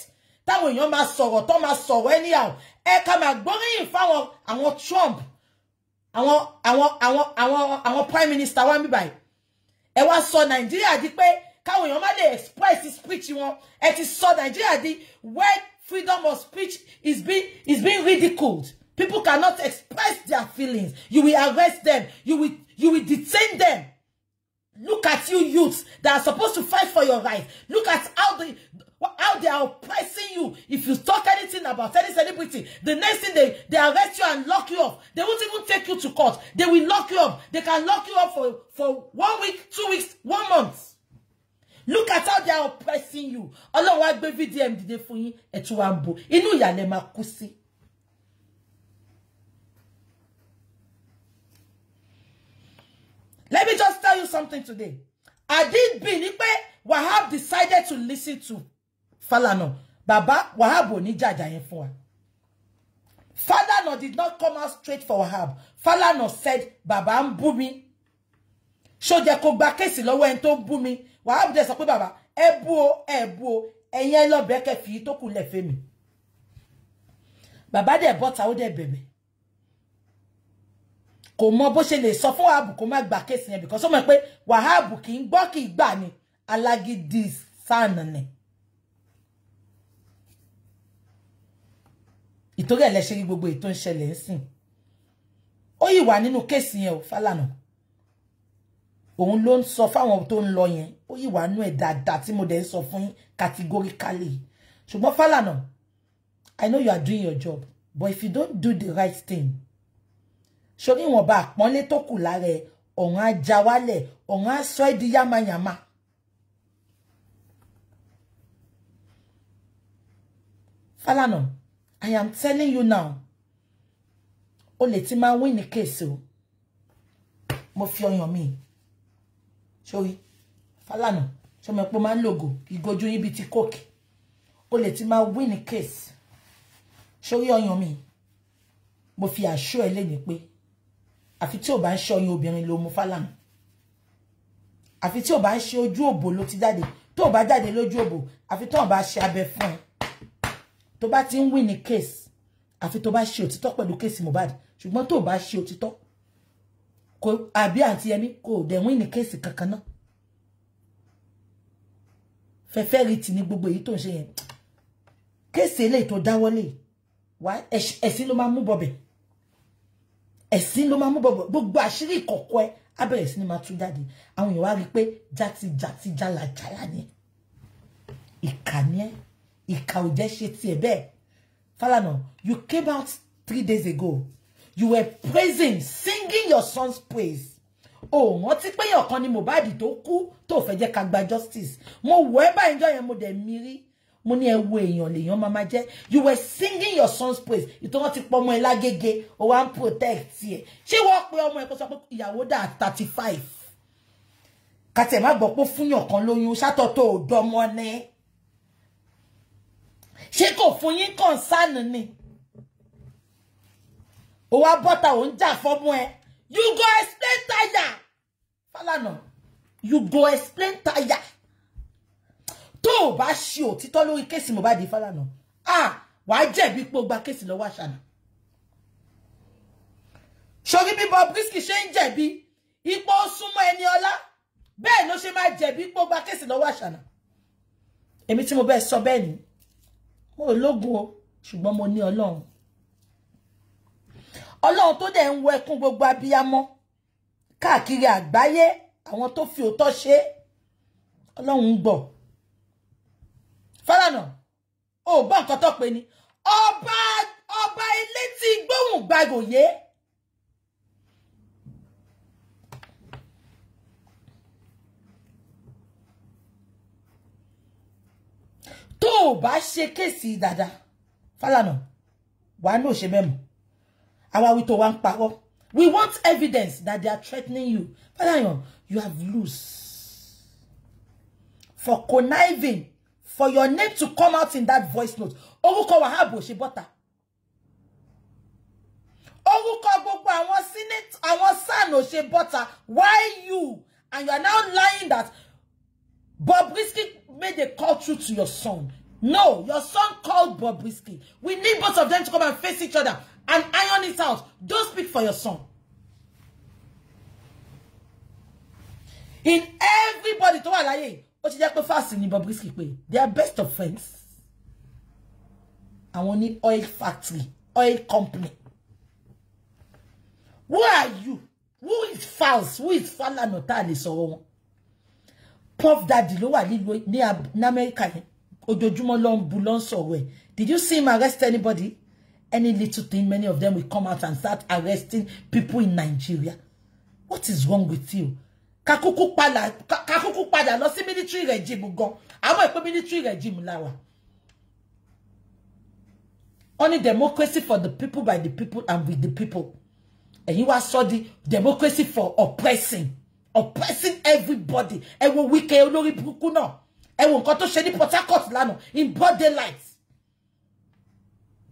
táwọn èèyàn máa sọ̀rọ̀ tán máa sọ̀rọ̀ anyhow ẹ ká máa gbóríyìn fáwọn àwọn Trump àwọn àwọn àwọn àwọn àwọn prime minister wa mi báyìí ẹ wá sọ Nàìjíríà di pé káwọn èèyàn má lè express his speech wọn ẹ ti sọ Nàìjíríà di where freedom of speech is being is being ridiculed people cannot express their feelings you will arrest them you will you will detain them. Look at you youths that are supposed to fight for your rights. Look at how they, how they are oppressing you. If you talk anything about any celebrity, the next thing they, they arrest you and lock you up. They won't even take you to court. They will lock you up. They can lock you up for, for one week, two weeks, one month. Look at how they are oppressing you. Inú Let me just tell you something today. did bin Ipe Wahab decided to listen to Falano. Baba Wahab oni jaja yen Falano did not come out straight for Wahab. Falano said, Baba I'm mi. So je kó gba and lọ́wọ́ en tó bú Wahab dẹ̀ sọ baba, ẹ e bu beke ẹ bú fi tó lẹ̀ fẹ́ mi. Baba dẹ̀ bọ́ta ó dẹ̀ bẹ̀bẹ̀. kò mọ bó ṣe lè sọ fún wàhábù kó má gba kéèsì yẹn because ó mọ̀ pé wàhábù kì í gbọ́ kì í gbà ni alágídí sáànà ni. ìtorí ẹ̀ lẹ́ṣẹ̀ rí gbogbo ètò ń ṣẹlẹ̀ ń sìn ó yìí wà nínú kéèsì yẹn o Fálànà òun ló ń sọ fáwọn tó ń lọ yẹn ó yìí wà nú ẹ̀ dáadáa tí mo dẹ̀ ń sọ fún yín ṣùgbọ́n Fálànà I know you are doing your job but if you don't do the right thing sórí ìwọ̀nba àpọ́nlé tó kù lára ẹ̀ ọ̀run á já wálẹ̀ ọ̀run á sọ di yámayàmá. Falana I am telling you now o lè ti máa win ní kéèsì o mo fi ọyàn mi sórí Falana sọmọ epo máa ń lògò ìgojú yín ti kóòkì o lè ti máa win ní kéèsì sórí ọyàn mi mo fi àṣọ ẹ lẹ́yìn pé àfi tí ò bá ń ṣọyún obìnrin ló mú Fálànà àfi tí ò bá ń ṣe ojú òbò ló ti jáde tó ò bá jáde lójú òbò àfi tó ò bá ṣe abẹ fún ẹ tó bá ti o ba n se oju obo lo ti jade to ba jade loju obo afi to ba se abe fun to ba ti win ní case àfi tó bá ṣe òtítọ́ pẹ̀lú case Mohbad ṣùgbọ́n tó bá ṣe òtítọ́ kò àbí àǹtí Yẹmí kò dẹ̀ win ní kéèsì kankan náà fẹ́fẹ́ rí ti ní gbogbo èyí tó ń ṣe yẹn kéèsì eléyìí tó dáwọ́lé wá ẹ̀sìn ló máa mú bọ̀bẹ̀ ẹ̀sìn ló máa mú bọ̀bọ̀ gbogbo àṣírí ìkọ̀kọ̀ ẹ á bẹ̀rẹ̀ sí ni máa tú jáde àwọn èèyàn wá rí i pé játijàti jálajàla jala, ìkà ni ẹ ìkà ò jẹ́ ṣe tiẹ̀ be. Falano, you came out three days ago you were praising singing your son's praise òun ọtí péyàn kan ni Mohbad tó kú tó fẹ́ jẹ́ ká gba justice mo wọ ẹ́ báyìí jọ mo dẹ̀ mírí mo ní ẹwo le, lèèyàn mama ma jẹ́ you were singing your son's praise ìtọ́ wọn ti pọ ọmọ ẹ lágége o wa ń protect ye. She walk pe ọmọ ẹ kó sọ pé ìyàwó thirty five kàtẹ́ má gbọ́ pé fúnyàn kan lóyún ṣátọ́ tó o dọ́mọ ní ṣé kò fún yín concern ni o wa bọ́ta ò ń jà fọ́mọ ẹ you go explain tire Falana you go explain tire tó o bá ṣe òtítọ́ lórí kéèsì Mohbad Fálànà ah wàá jẹ̀bi pé o gba kéèsì lọ́wọ́ àṣànà sórí bí Bobrisky ṣe ń jẹ̀bi ipò súnmọ́ ẹni ọlá bẹ́ẹ̀ ló ṣe máa jẹ̀bi pé o gba kéèsì lọ́wọ́ àṣànà èmi tí mo bẹ́ẹ̀ sọ bẹ́ẹ̀ ni mo ò lógun o ṣùgbọ́n mo ní ọlọ́run ọlọ́run tó dẹ̀ ń wọ ẹkún gbogbo abiyamọ káàkiri àgbáyé àwọn tó fi òótọ́ ṣe ọlọ́run ń bọ̀ Falana ò bá nǹkan tó pe ni ọba ọba ilé tí gbóhùn gbàgòyé. tó o bá ṣe kéèsì dáadáa Falana wàá náà ṣe mẹ́mọ̀ àwa wí tó wá ń parọ́ we want evidence that they are threatening you Falana you have lose for conniving for your name to come out in that voice note. Orúkọ Wahab Oṣebọ́ta. Orúkọ gbogbo àwọn senate àwọn SAN Oṣebọ́ta. Why you? And you are now lying that Bob Bobrisky made a call through to your son. No, your son called Bob Bobrisky. We need both of them to come and face each other and iron it out. Don't speak for your son. In everybody tó wà láyé ó ti jẹ́ pé fásì ni Bobrisky pé they are best of friends want need oil factory oil company who are you who is false who is Falana tá a lè sọ̀rọ̀ Puff Daddy ló wà nílùú ní Amẹ́ríkà yẹn ló ló did you see him arrest anybody any little thing many of them will come out and start arresting people in Nigeria what is wrong with you? kakúkú padà kakúkú padà lọ sí military regime gan àwọn ìpè military regime láwà only democracy for the people by the people and with the people and you are sorry democracy for oppressing oppressing everybody ẹ wo wíkẹ́ olórí burúkú na ẹ wo nǹkan tó ṣe ní Port Harcourt lánàá in broad daylight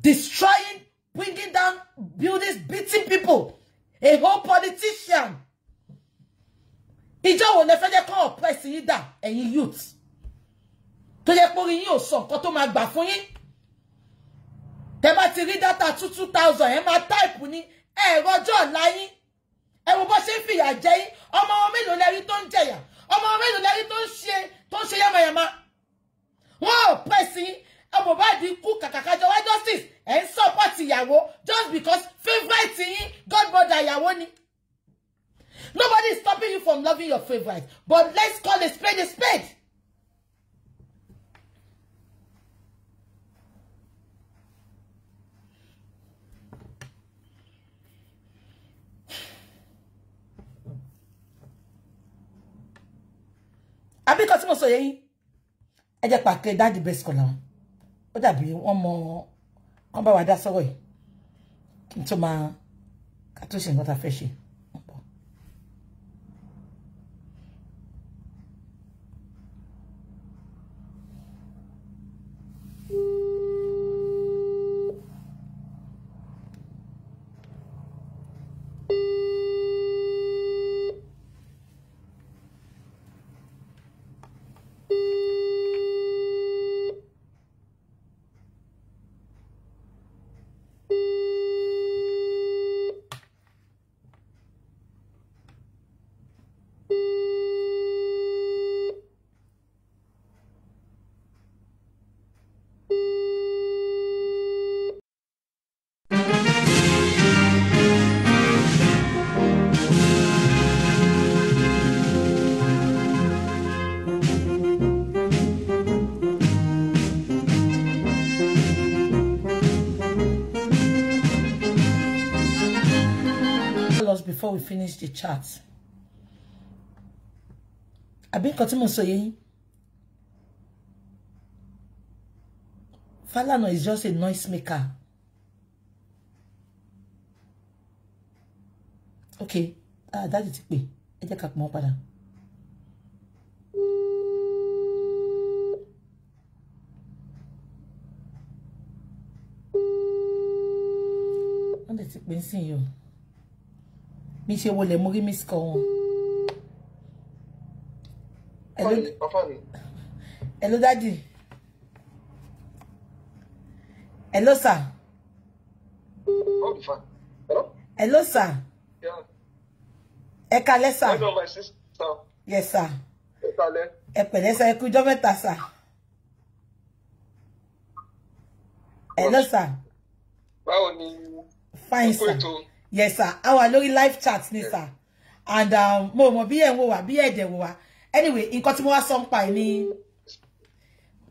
destroying bringing down buildings beating people a whole politician ìjọ wo lẹ fẹ́ jẹ́ kọ́ oppress yín dà ẹ̀yin youth tó jẹ́ pé orí yín ò sọ nǹkan tó máa gbà fún yín tẹ bá ti rí data two two thousand ẹ máa táìpù ní ẹ̀rọ ọjọ́ ọ̀la yín ẹ wo bó ṣe ń fìyà jẹ yín ọmọ wọn mélòó lẹ́rí tó ń jẹyà ọmọ wọn mélòó lẹ́rí tó ń ṣe tó ń ṣe yàmàyàmà wọn ò oppress yín Mohbad kú kàkàkàjọ justice ẹ̀ ń support ìyàwó just because favourite yín godmother ìyàwó ni. Nobody is stopping you from loving your favorite. But let's call a spade a spade. àbí kan tí mo sọ yẹn ẹ jẹ́ pàkẹ dáàdì best kọ làwọn ó dàbí wọ́n mọ wọ́n bá wa dá sọ̀rọ̀ yìí kí n ká tó ṣe nǹkan tá fẹ́ ṣe. chat àbí nǹkan tí mo sọ yẹn Falana is just a noise maker ok ah, dájú ti pè ẹ jẹ́ ká pọ̀ wọ́n padà. wọ́n lè ti pè é sìn mi ṣe wọlé mo rí miss call wọn. hello daddy hello sir. hello sir. ẹ kalẹ́ sir. yes sir. ẹ pẹ̀lẹ́ sir ẹ kú ijọ́ meta, sir. hello sir. báwo ni. fine sir. yes sir Our wà live chat ni sir and um, mo mọ̀ bí ẹ̀ ń wò wá bí ẹ̀dẹ̀ wò wá anyway nǹkan tí mo wá de wo wa anyway in ń pa ni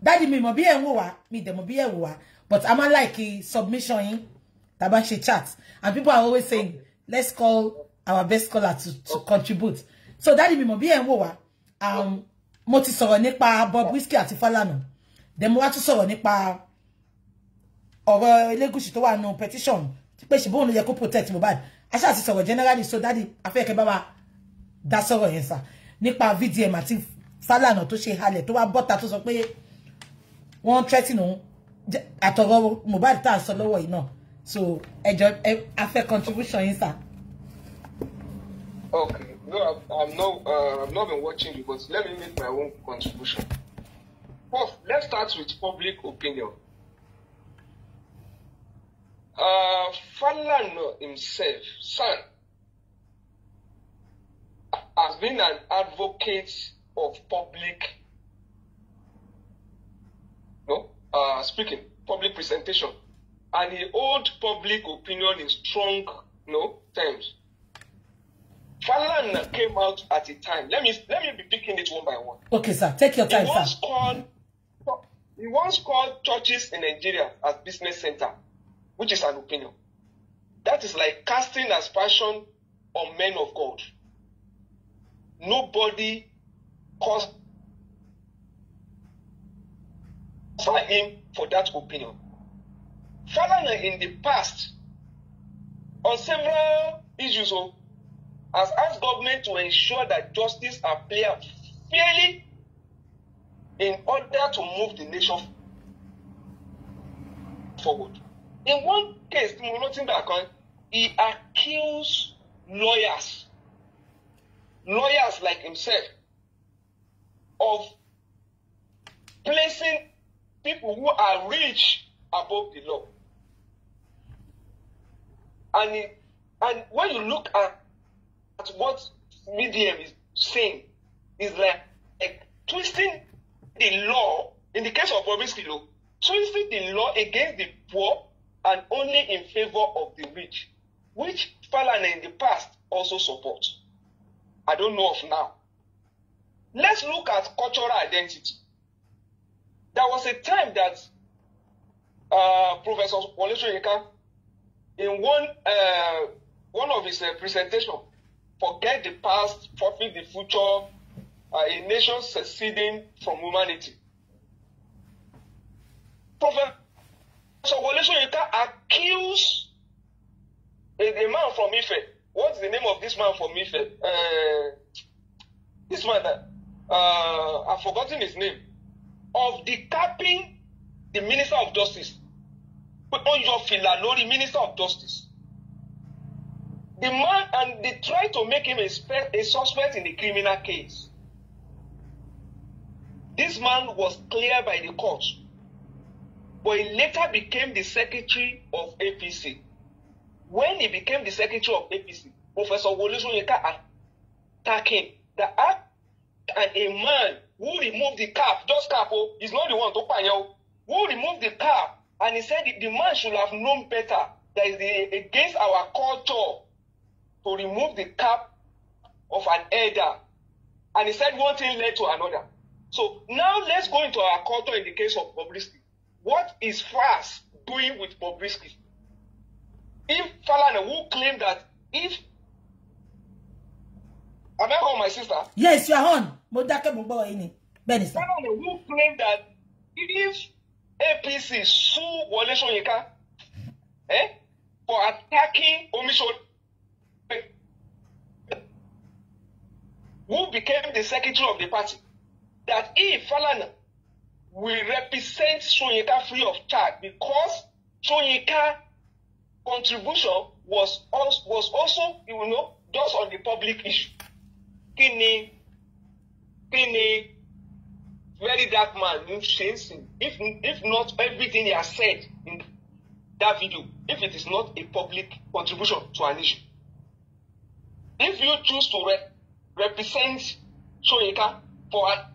dáàdi mọ̀ bí ẹ̀ ń wò wá mi dẹ̀ mọ̀ bí ẹ̀ wò wá but a máa like submission yín tàbá chat and people are always saying let's call our best caller to, to contribute so daddy mi mọ̀ bí ẹ̀ ń wò wá um, mo ti sọ̀rọ̀ nípa Bob whiskey àti Falana then mo wá tún sọ̀rọ̀ nípa ọ̀rọ̀ Elégùṣì tó wà no petition pé ṣe bóun ló yẹ protect Mohbad aṣáà ti sọ̀rọ̀ generally so dáàdi afẹ́kẹ́ bá wa dá sọ̀rọ̀ yẹn sà nípa VDM àti Falana tó ṣe halẹ̀ tó wá bọ́ta tó sọ pé wọ́n threaten òun àtọ̀rọ̀ Mohbad tá à ń sọ lọ́wọ́ yìí náà so contribution yín sà. okay no i i'm not uh, i've not been watching you but let me make my own contribution. First, let's start with public opinion. uh, Falano himself, son, has been an advocate of public no uh, speaking, public presentation, and he holds public opinion in strong no terms. Falana came out at a time. Let me let me be picking it one by one. Okay, sir. Take your time. He once sir. called he once called churches in Nigeria as business center. which is an opinion. That is like casting aspersion on men of God. Nobody calls for him for that opinion. Falana in the past, on several issues, oh, has asked government to ensure that justice are played fairly in order to move the nation forward. In one case, tí mo he accused lawyers, lawyers like himself, of placing people who are rich above the law. And, and when you look at, at what medium is saying, is like, like twisting the law, in the case of Bobby Skilo, twisting the law against the poor and only in favor of the rich, which Falana in the past also support. I don't know of now. Let's look at cultural identity. There was a time that uh, Professor Wole Soyinka, in one uh, one of his uh, presentation, forget the past, profit the future, uh, a nation seceding from humanity. Professor. So Wole Soyinka accused a, a man from Ife. What's the name of this man from Ife? Uh, this man, uh, uh, I've forgotten his name, of decapping the Minister of Justice. On your fila lori, Minister of Justice. The man, and they try to make him a, spe- a suspect in the criminal case. This man was cleared by the court but he later became the secretary of APC. When he became the secretary of APC, Professor Wole Soyinka attacked him that I, and a man who removed the cap, just cap, oh, he's not the one to pay, who removed the cap, and he said the man should have known better that is against our culture to remove the cap of an elder. And he said one thing led to another. So now let's go into our culture in the case of publicity. What is Fras doing with Bobrisky? If Falana who claim that if Am I on, my sister? Yes, you are on. Mo dákẹ́ mo gbọ́ yín ni. Falana will claim that if APC sue Wole Soyinka eh, for attacking Omisola, who became the secretary of the party, that if Falana we represent Soyinka free of charge because Soyinka contribution was also, was also you know just on the public issue kí ni very dark man ní if if not everything he has said in that video if it is not a public contribution to an issue if you choose to re represent Soyinka for an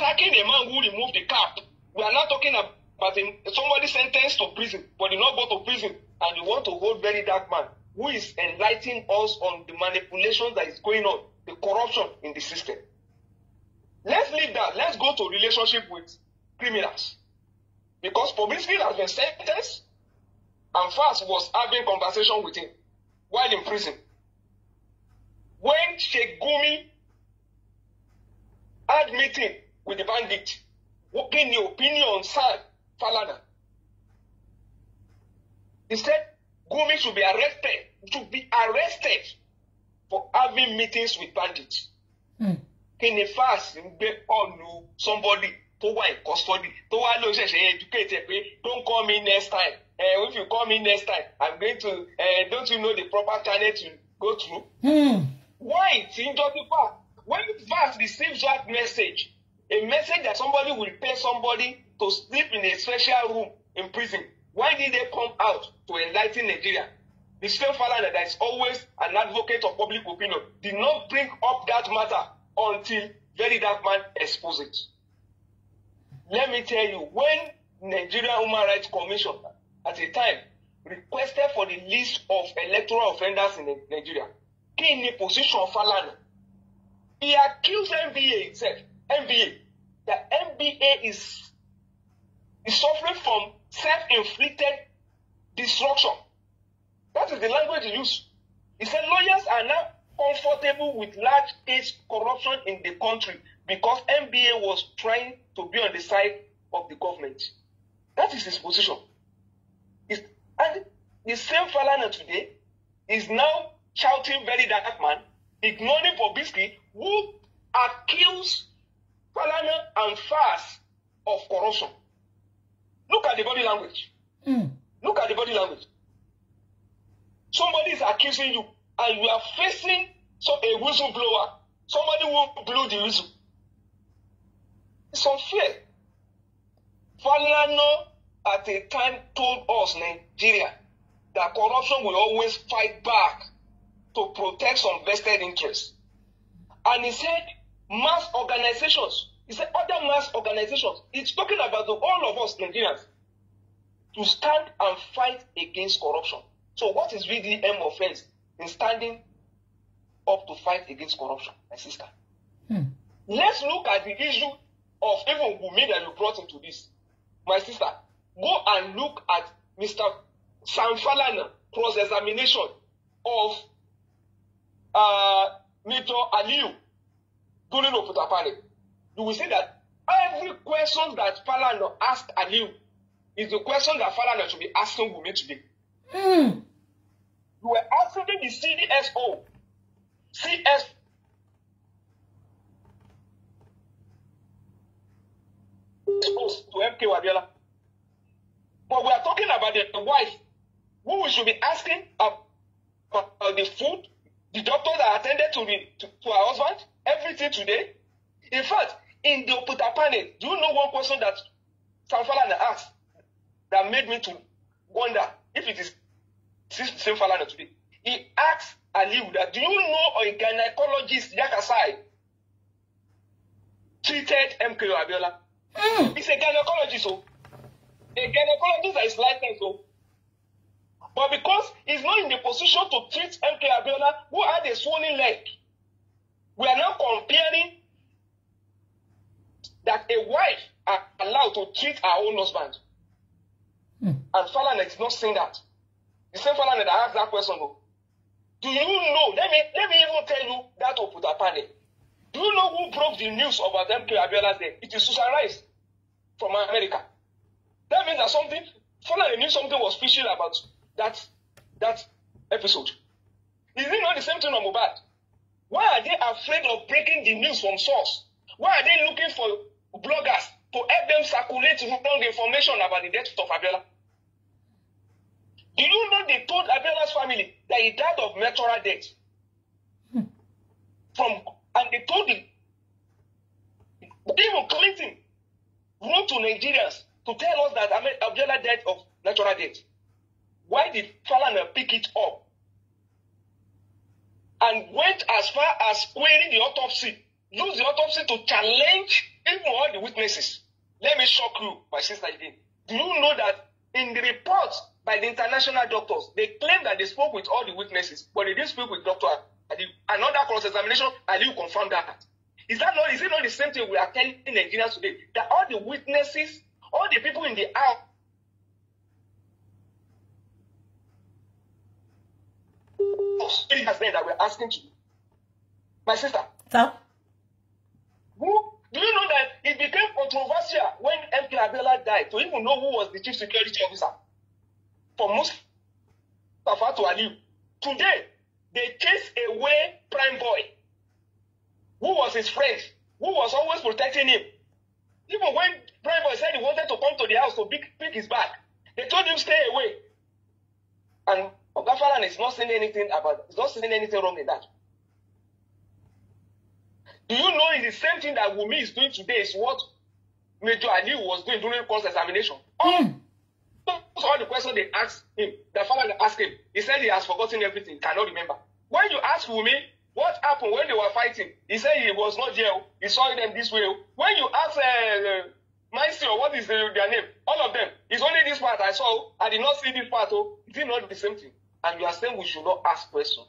Packing a man who removed the cap, we are not talking about a, somebody sentenced to prison, but did not go to prison, and you want to hold very dark man who is enlightening us on the manipulation that is going on, the corruption in the system. Let's leave that. Let's go to relationship with criminals. Because Pobinski has been sentenced, and Fast was having conversation with him while in prison. When Shegumi had meeting with the bandit wọ́n kí ni opinion Sir Falana he said Gumi should be arrested should be arrested for having meetings with bandits. Mm. kí ni fas ń gbé ọ̀nù somebody tó wà in custody tó wà ló ṣẹ̀ṣẹ̀ educate ẹ̀ pé don't call me next time uh, if you call me next time i'm going to uh, don't you know the proper channel to go through. Mm. why tí ń jọ́ pípa when fas receives that message A message that somebody will pay somebody to sleep in a special room in prison. Why did they come out to enlighten Nigeria? The same father that is always an advocate of public opinion did not bring up that matter until very dark man exposed it. Let me tell you, when Nigeria Human Rights Commission at a time requested for the list of electoral offenders in Nigeria, kí ni position Falana? He accused NBA itself, NBA The NBA is, is suffering from self-inflicted destruction. That is the language he used. He said lawyers are now comfortable with large case corruption in the country because NBA was trying to be on the side of the government. That is his position. It's, and the same Falana today is now shouting very dark man, ignoring Bobisky, who accused colonel and fast of corruption. Look at the body language. Mm. Look at the body language. Somebody is accusing you, and you are facing some a whistleblower. Somebody will blow the whistle. It's unfair. Falano at a time told us, Nigeria, that corruption will always fight back to protect some vested interests. And he said mass organizations. He said other mass organizations. It's talking about the, all of us Nigerians to stand and fight against corruption. So what is VDM offense in standing up to fight against corruption, my sister? Hmm. Let's look at the issue of even Wumi that you brought into this. My sister, go and look at Mr. Sanfalana cross-examination of uh, Mito Aliyu during Oputapale, you will see that every question that Falana asked Aliu is the question that Falana should be asking Wunmi today. Mm. You were asking the CDSO, CS. to MK Wabiola. But we are talking about the wife who we should be asking about the food, the doctor that attended to, the, to, to her husband, everything today. In fact, in the Oputa panel, do you know one question that Sam asked that made me to wonder if it is same today? He asked Aliu that, do you know a gynecologist, Yakasai, treated MKO Abiola? Mm. He's a gynecologist, so oh. a gynecologist that is licensed, so oh. but because he's not in the position to treat MK Abiola, who had a swollen leg, we are now comparing that a wife are allowed to cheat her own husband. Mm. And Falana is not saying that. The same Falana that asked that question. though. Do you know? Let me let me even tell you that of Putapane. Do you know who broke the news about MK Abiola's day? It is Susan Rice from America. That means that something Falana knew something was fishy about that that episode. Is it not the same thing on Mubad? Why are they afraid of breaking the news from source? Why are they looking for bloggers to help them circulate wrong information about the death of Abiola? Do you know they told Abiola's family that he died of natural death? Hmm. From and they told him even Clinton wrote to Nigerians to tell us that Abiola died of natural death. Why did Falana pick it up? and went as far as querying the autopsy, use the autopsy to challenge even all the witnesses. Let me shock you, my sister again. Do you know that in the report by the international doctors, they claim that they spoke with all the witnesses, but they didn't speak with doctor. Aliu. Another cross-examination, Aliu confirmed that. Is that not, is it not the same thing we are telling Nigerians today? That all the witnesses, all the people in the house those areas there that we're asking to. My sister. Sir? Who? Do you know that it became controversial when MP Abela died to even know who was the chief security officer for Mustafa to Aliyu? Today, they chase away Prime Boy, who was his friend, who was always protecting him. Even when Prime Boy said he wanted to come to the house to pick, pick his bag, they told him stay away. And Oga Falana is not saying anything about is not saying anything wrong in that. Do you know it's the same thing that Wumi is doing today is what Major Ali was doing during course examination? Mm. All, all the questions they asked him, the Falana asked him, he said he has forgotten everything, cannot remember. When you ask Wumi, what happened when they were fighting? He said he was not there. He saw them this way. When you ask uh, or what is their name? All of them. It's only this part I saw. I did not see this part. Oh, is it not the same thing? and you are saying we should not ask questions.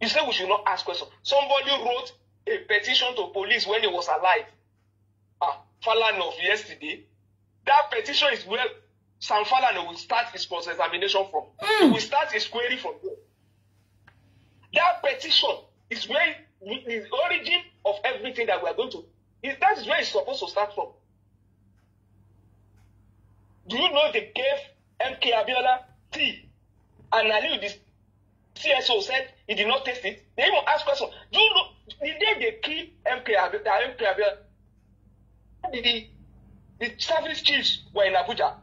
You say we should not ask questions. Somebody wrote a petition to police when he was alive. Ah, Falana of yesterday. That petition is where Sam Falana will start his cross-examination from. Mm. He hmm. will start his query from there. That petition is where the origin of everything that we are going to. That is where it's supposed to start from. Do you know the cave? MK Abiola tea. And Aliu, the CSO, said he did not taste it. They even asked questions. Do you know the day they kill MK Abiola, MK Abiola, the, the service chiefs were in Abuja.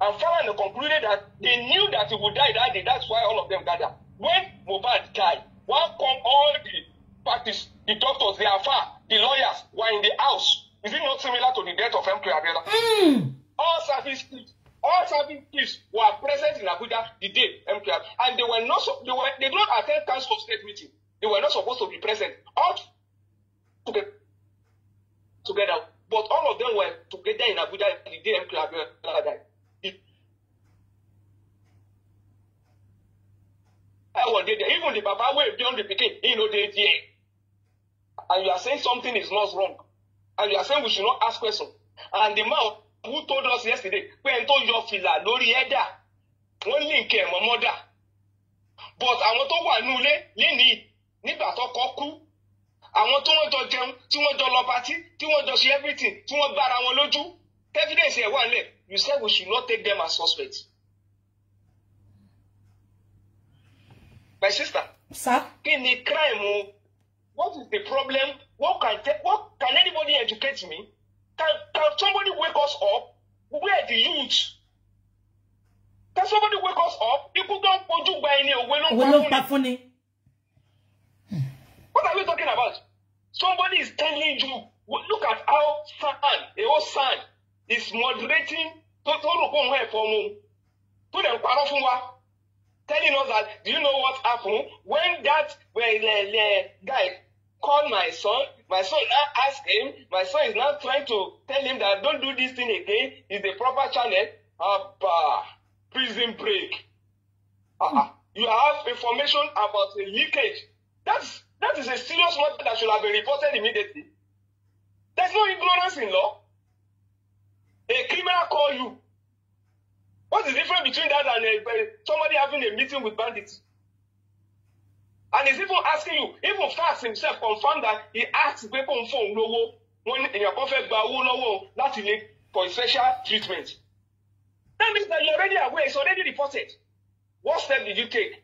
And finally concluded that they knew that he would die that day. That's why all of them gathered. When Mohbad died, one come all the parties, the doctors, the afar, the lawyers were in the house. Is it not similar to the death of MK Abiola? Mm. All service chiefs all serving chiefs were present in Abuja the day MKR, and they were not they were they did not attend Council of State meeting. They were not supposed to be present. All together, but all of them were together in Abuja the day MKR died. One day, even the Baba way beyond the Peking, he know they there. And you are saying something is not wrong. And you are saying we should not ask questions. And the man who told us yesterday pé ẹni tó yọ fìlà lórí ẹ̀dà wọ́n link ẹ̀ mọ́ mọ́dà but àwọn tó wà ní ilé lénìí nígbà tọkọ kú àwọn tó wọ́n jọ jẹun tí wọ́n jọ lọ patí tí wọ́n jọ ṣe everything tí wọ́n gbára wọn lójú evidence ẹ̀ wà nílẹ̀ you said we should not take them as suspects. my sister. sir. kí ni crime o what is the problem what can, what can anybody educate me. Can, can somebody wake us up? Where the youth? Can somebody wake us up? Ikú tó ń pojú gba ẹni òwe ló ń pa fún ni. What are we talking about? Somebody is telling you, look at how sand, a whole sand, is moderating tó tó rò pé òun ẹ̀fọ́ mu tó dẹ̀ ń parọ́ fún wa. Telling us that, do you know what happened when that well, uh, eh, uh, eh, guy called my son. My son now asked him. My son is now trying to tell him that don't do this thing again. Is the proper channel. Abba, prison break. Uh-uh. You have information about a leakage. That's that is a serious matter that should have been reported immediately. There's no ignorance in law. A criminal call you. What is the difference between that and a, somebody having a meeting with bandits? and he's even asking you even Falz himself confirmed that he asked pé kò ń fóun lówó wọn ní èèyàn kan fẹ́ gba owó lọ́wọ́ láti lè for special treatment that means that you're already aware it's already reported what step did you take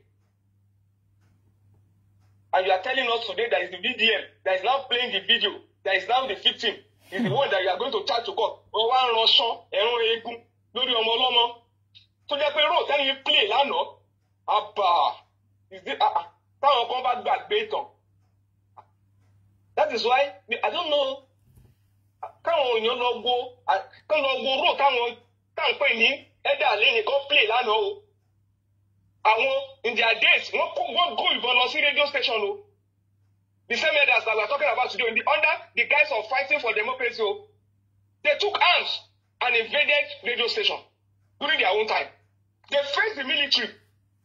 and you are telling us today that is the BDM that is now playing the video that is now the victim is the one that you are going to charge to court wọn wá ń ránṣán ẹ̀rọ eegun lórí ọmọ ọlọ́mọ tó jẹ́ pé róò tẹ́ni play lánàá àbà is the ah ah táwọn kan bá gbàgbé tán that is why i don't know káwọn èèyàn lọ go kán lọ go ró káwọn táǹpẹ ní ẹdá lẹ́yìn kan play lánàá o àwọn in their days wọn kó wọn gó ìbọn lọ sí radio station o the same elders that we are talking about today under the guys of fighting for democracy o they took arms and invaded radio station during their own time they faced the military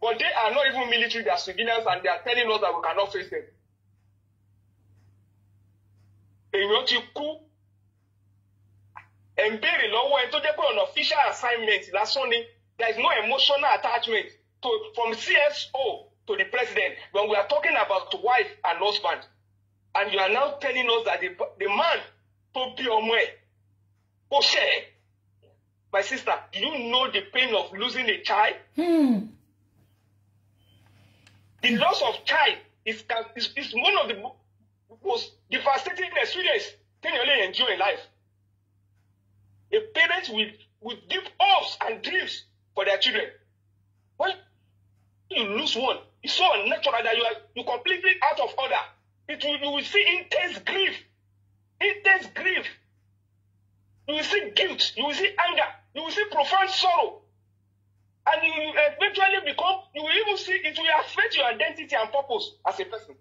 But they are not even military, they are civilians, and they are telling us that we cannot face them. Èèyàn ti kú. Ẹ̀ ń béèrè lọ́wọ́ ẹ tó jẹ́ pé ọ̀nà official assignment lásán ni. There is no emotional attachment to from CSO to the president when we are talking about wife and husband. And you are now telling us that the, the man tó bí ọmọ ẹ̀ ó ṣẹ̀ My sister, do you know the pain of losing a child? Hmm. The loss of child is, is, is one of the most devastating experience téèyàn only endure in life. A parent with with deep hopes and dreams for their children. When you lose one, it's so unnatural that you are you completely out of order. It will you will see intense grief, intense grief. You will see guilt, you will see anger, you will see profound sorrow and you uh, will eventually become you will even see it will affect your identity and purpose as a person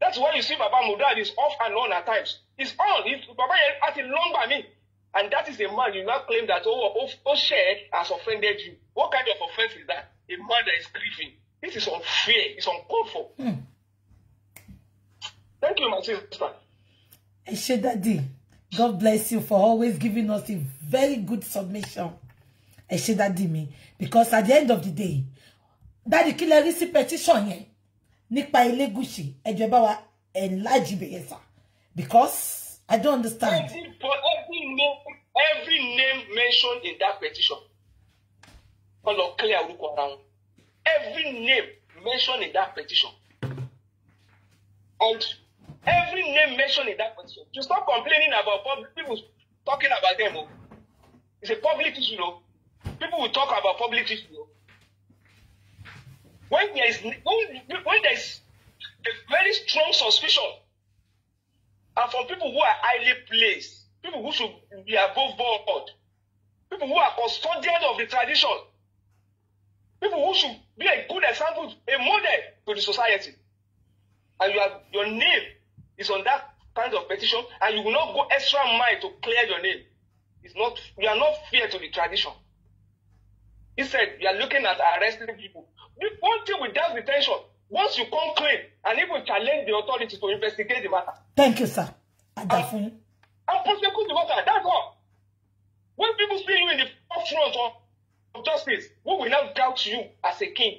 that's why you see baba Mohbad is off and on at times he's on he's baba yẹn á a long by me and that is a man you now claim that oh oh oh share has offended you what kind of offense is that a man that is grieving this is unfair it's uncalled for hmm. thank you my sister. ẹ ṣé dadi God bless you for always giving us a very good submission ẹ ṣe dádì mi because at the end of the day dádì kí lẹ rí sí petition yẹn nípa Elégùṣì ẹ jọ̀ọ́ bá wa enlarge bẹ̀yẹ sá because I don't understand. every every name every name mentioned in that petition wọn clear orúkọ ara wọn every name mentioned in that petition and every name mentioned in that petition you stop complaining about public people talking about them o it's a public issue o. You know? People will talk about public people. When there is when, when there is a very strong suspicion, and for people who are highly placed, people who should be above board, people who are custodians of the tradition, people who should be a good example, a model to the society, and you have, your name is on that kind of petition and you will not go extra mile to clear your name. It's not, you are not fair to the tradition. He said you are looking at arresting people. One thing with that detention, once you come clean and even challenge the authority to investigate the matter. Thank you, sir. Adafun. And, and prosecute the matter. That's all. When people see you in the forefront of, justice, we will now doubt you as a king.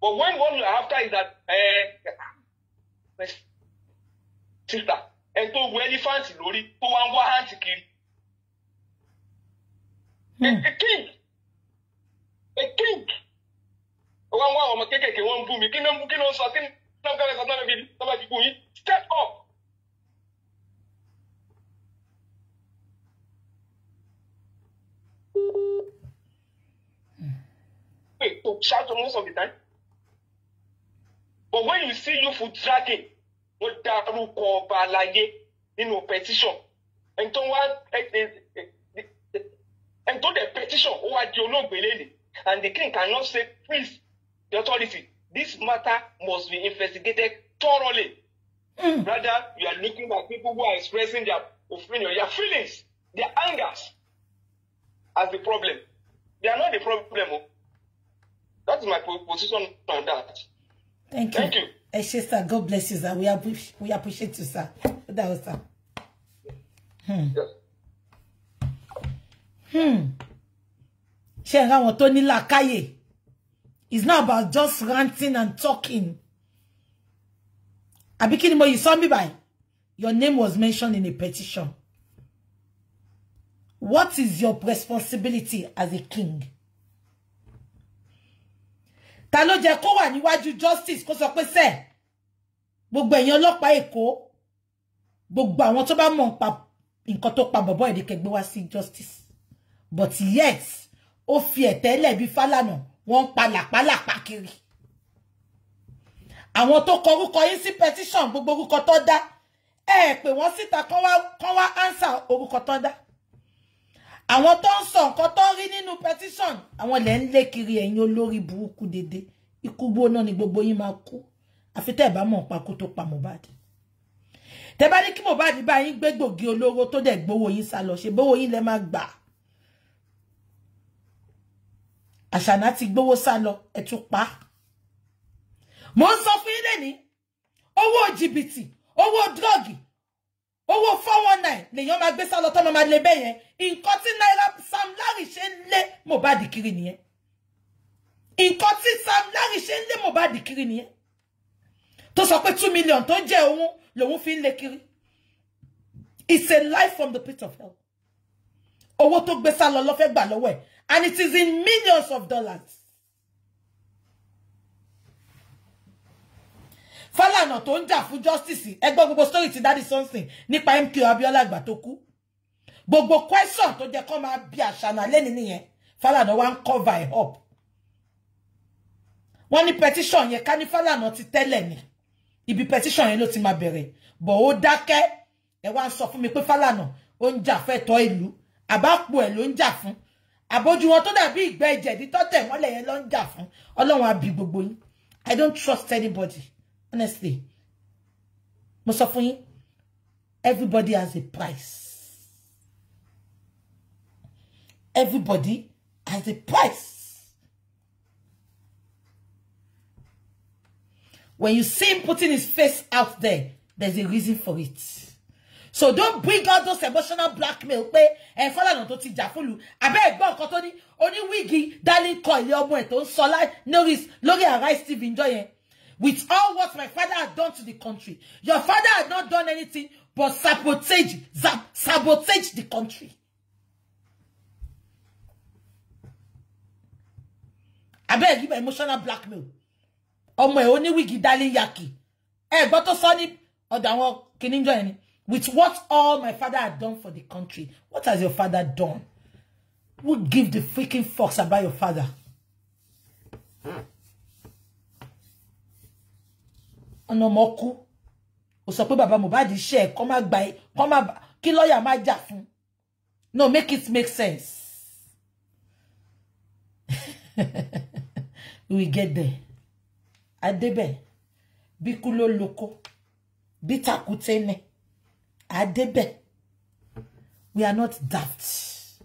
But when what you after is that, uh, sister, ẹ tó wo elephant lórí tó wá ń wá hàǹtì kiri. Hmm. A king a king wọn wá ọmọ kéékèèké wọn ń bú mi kí ló ń bú kí ló ń sọ kí ló ń fẹ́rẹ̀ sọ náà bíi tọ́ba ti bú step up. Wait, to shout most of the time. But when you see you for dragging, wọ́n dárúkọ ọba àlàyé nínú petition. Ẹni tó wá ẹni tó dẹ̀ petition ó wá di olóògbé lélẹ̀ and the king cannot say, please, the authority, this matter must be investigated thoroughly. Mm. Rather, you are looking at people who are expressing their opinion, their feelings, their angers as the problem. They are not the problem. Oh. That is my position on that. Thank you. Thank you. Hey, sister, God bless you, sir. We, are we appreciate you, sir. That was, sir. Hmm. Yes. Hmm. it's not about just ranting and talking I kí ni mo "You saw me by. your name was mentioned in a petition what is your responsibility as a king Talo ló jẹ́ kó wà justice kó sọ pé sẹ́ẹ̀ gbogbo ẹ̀yin ọlọ́pàá èkó gbogbo àwọn tó bá mọ̀ nípa nǹkan tó pa bọ̀bọ̀ ẹ̀dẹ́kẹ̀gbé wá sí justice but yes." ó fi ẹ̀tẹ́ lẹ̀bi Fálànà wọ́n ń palàpálàpá kiri àwọn tó kọ orúkọ yín sí petition gbogbo orúkọ tó dá ẹ pè wọ́n síta kán wá kán wá ánsà orúkọ tó dá àwọn tó ń sọ nǹkan tó rí nínú petition àwọn lẹ́ ń lé kiri ẹ̀yin olórí burúkú dédé ikú gbóná ni gbogbo yín máa kú àfi tẹ́ ẹ̀ bá mọ̀ pa kú tó pa Mohbad tẹ́ bá ní kí Mohbad bá yín gbé gbòógì olóró tó dẹ̀ gbowó yín sá lọ ṣe bówó yín lẹ́ máa gbà á àṣànà ti gbowó sá lọ ẹ tún pa mo sọ fún owó jìbìtì owó owó four máa gbé sá máa nǹkan tí náírà Sam ṣe tí Sam ṣe tó sọ pé two tó lé kiri it's a life from the pit of hell. owó tó gbé sá lọ ló fẹ́ gbà lọ́wọ́ and it is in millions of dollars. Fálànà to ń jà justice ẹ gbọ́ gbogbo story ti Daddy Something nípa MKO Abiola àgbà tó kú gbogbo question tó jẹ́ kó máa bí àṣànà lẹ́ni nìyẹn Fálànà wá cover up wọ́n ní petition yẹn ká ní Fálànà ti tẹ́lẹ̀ ni ibi petition yẹn ló ti máa bẹ̀rẹ̀ bọ̀ ó dákẹ́ ẹ wá ń sọ fún mi pé Fálànà ó ń jà fẹ́tọ́ ìlú àbápo ẹ̀ ló ń jà fún àbójú wọn tó dàbí ìgbẹ́ ìjẹ̀dí tó tẹ̀ wọ́n lẹ̀yẹn ló ń fún ọlọ́run àbí gbogbo yín i don't trust anybody honestly mo sọ fún yín everybody has a price everybody has a price when you see him putting his face out there there's a reason for it so don't bring out those emotional blackmail pé ẹ fọlànà tó ti jà fúlù I don't tó Only Wiggy dálí call ilé ọmọ ẹ̀ tó ń sọ No risk. lórí Arise TV njọ́ yẹn with all what my father had done to the country your father had not done anything but sabotage sabotage the country. I beg you, emotional blackmail my, only Wiggy dálí yaki ẹ̀ gbọ́ tó sọ ní ọ̀dọ̀ àwọn kìnnìjọ́ yẹn ni with what all my father had done for the country, what has your father done? Who give the freaking fucks about your father? Ọ̀nà mọ́kú. bàbá Mohbad share come out by come má kí lawyer má No, make it make sense. we get there. Adebe. Bikulo loko. Bitakutene. Adebe. We are not daft.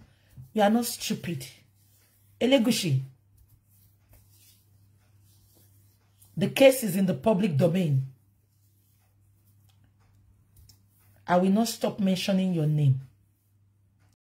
We are not stupid. Elegushi. The case is in the public domain. I will not stop mentioning your name.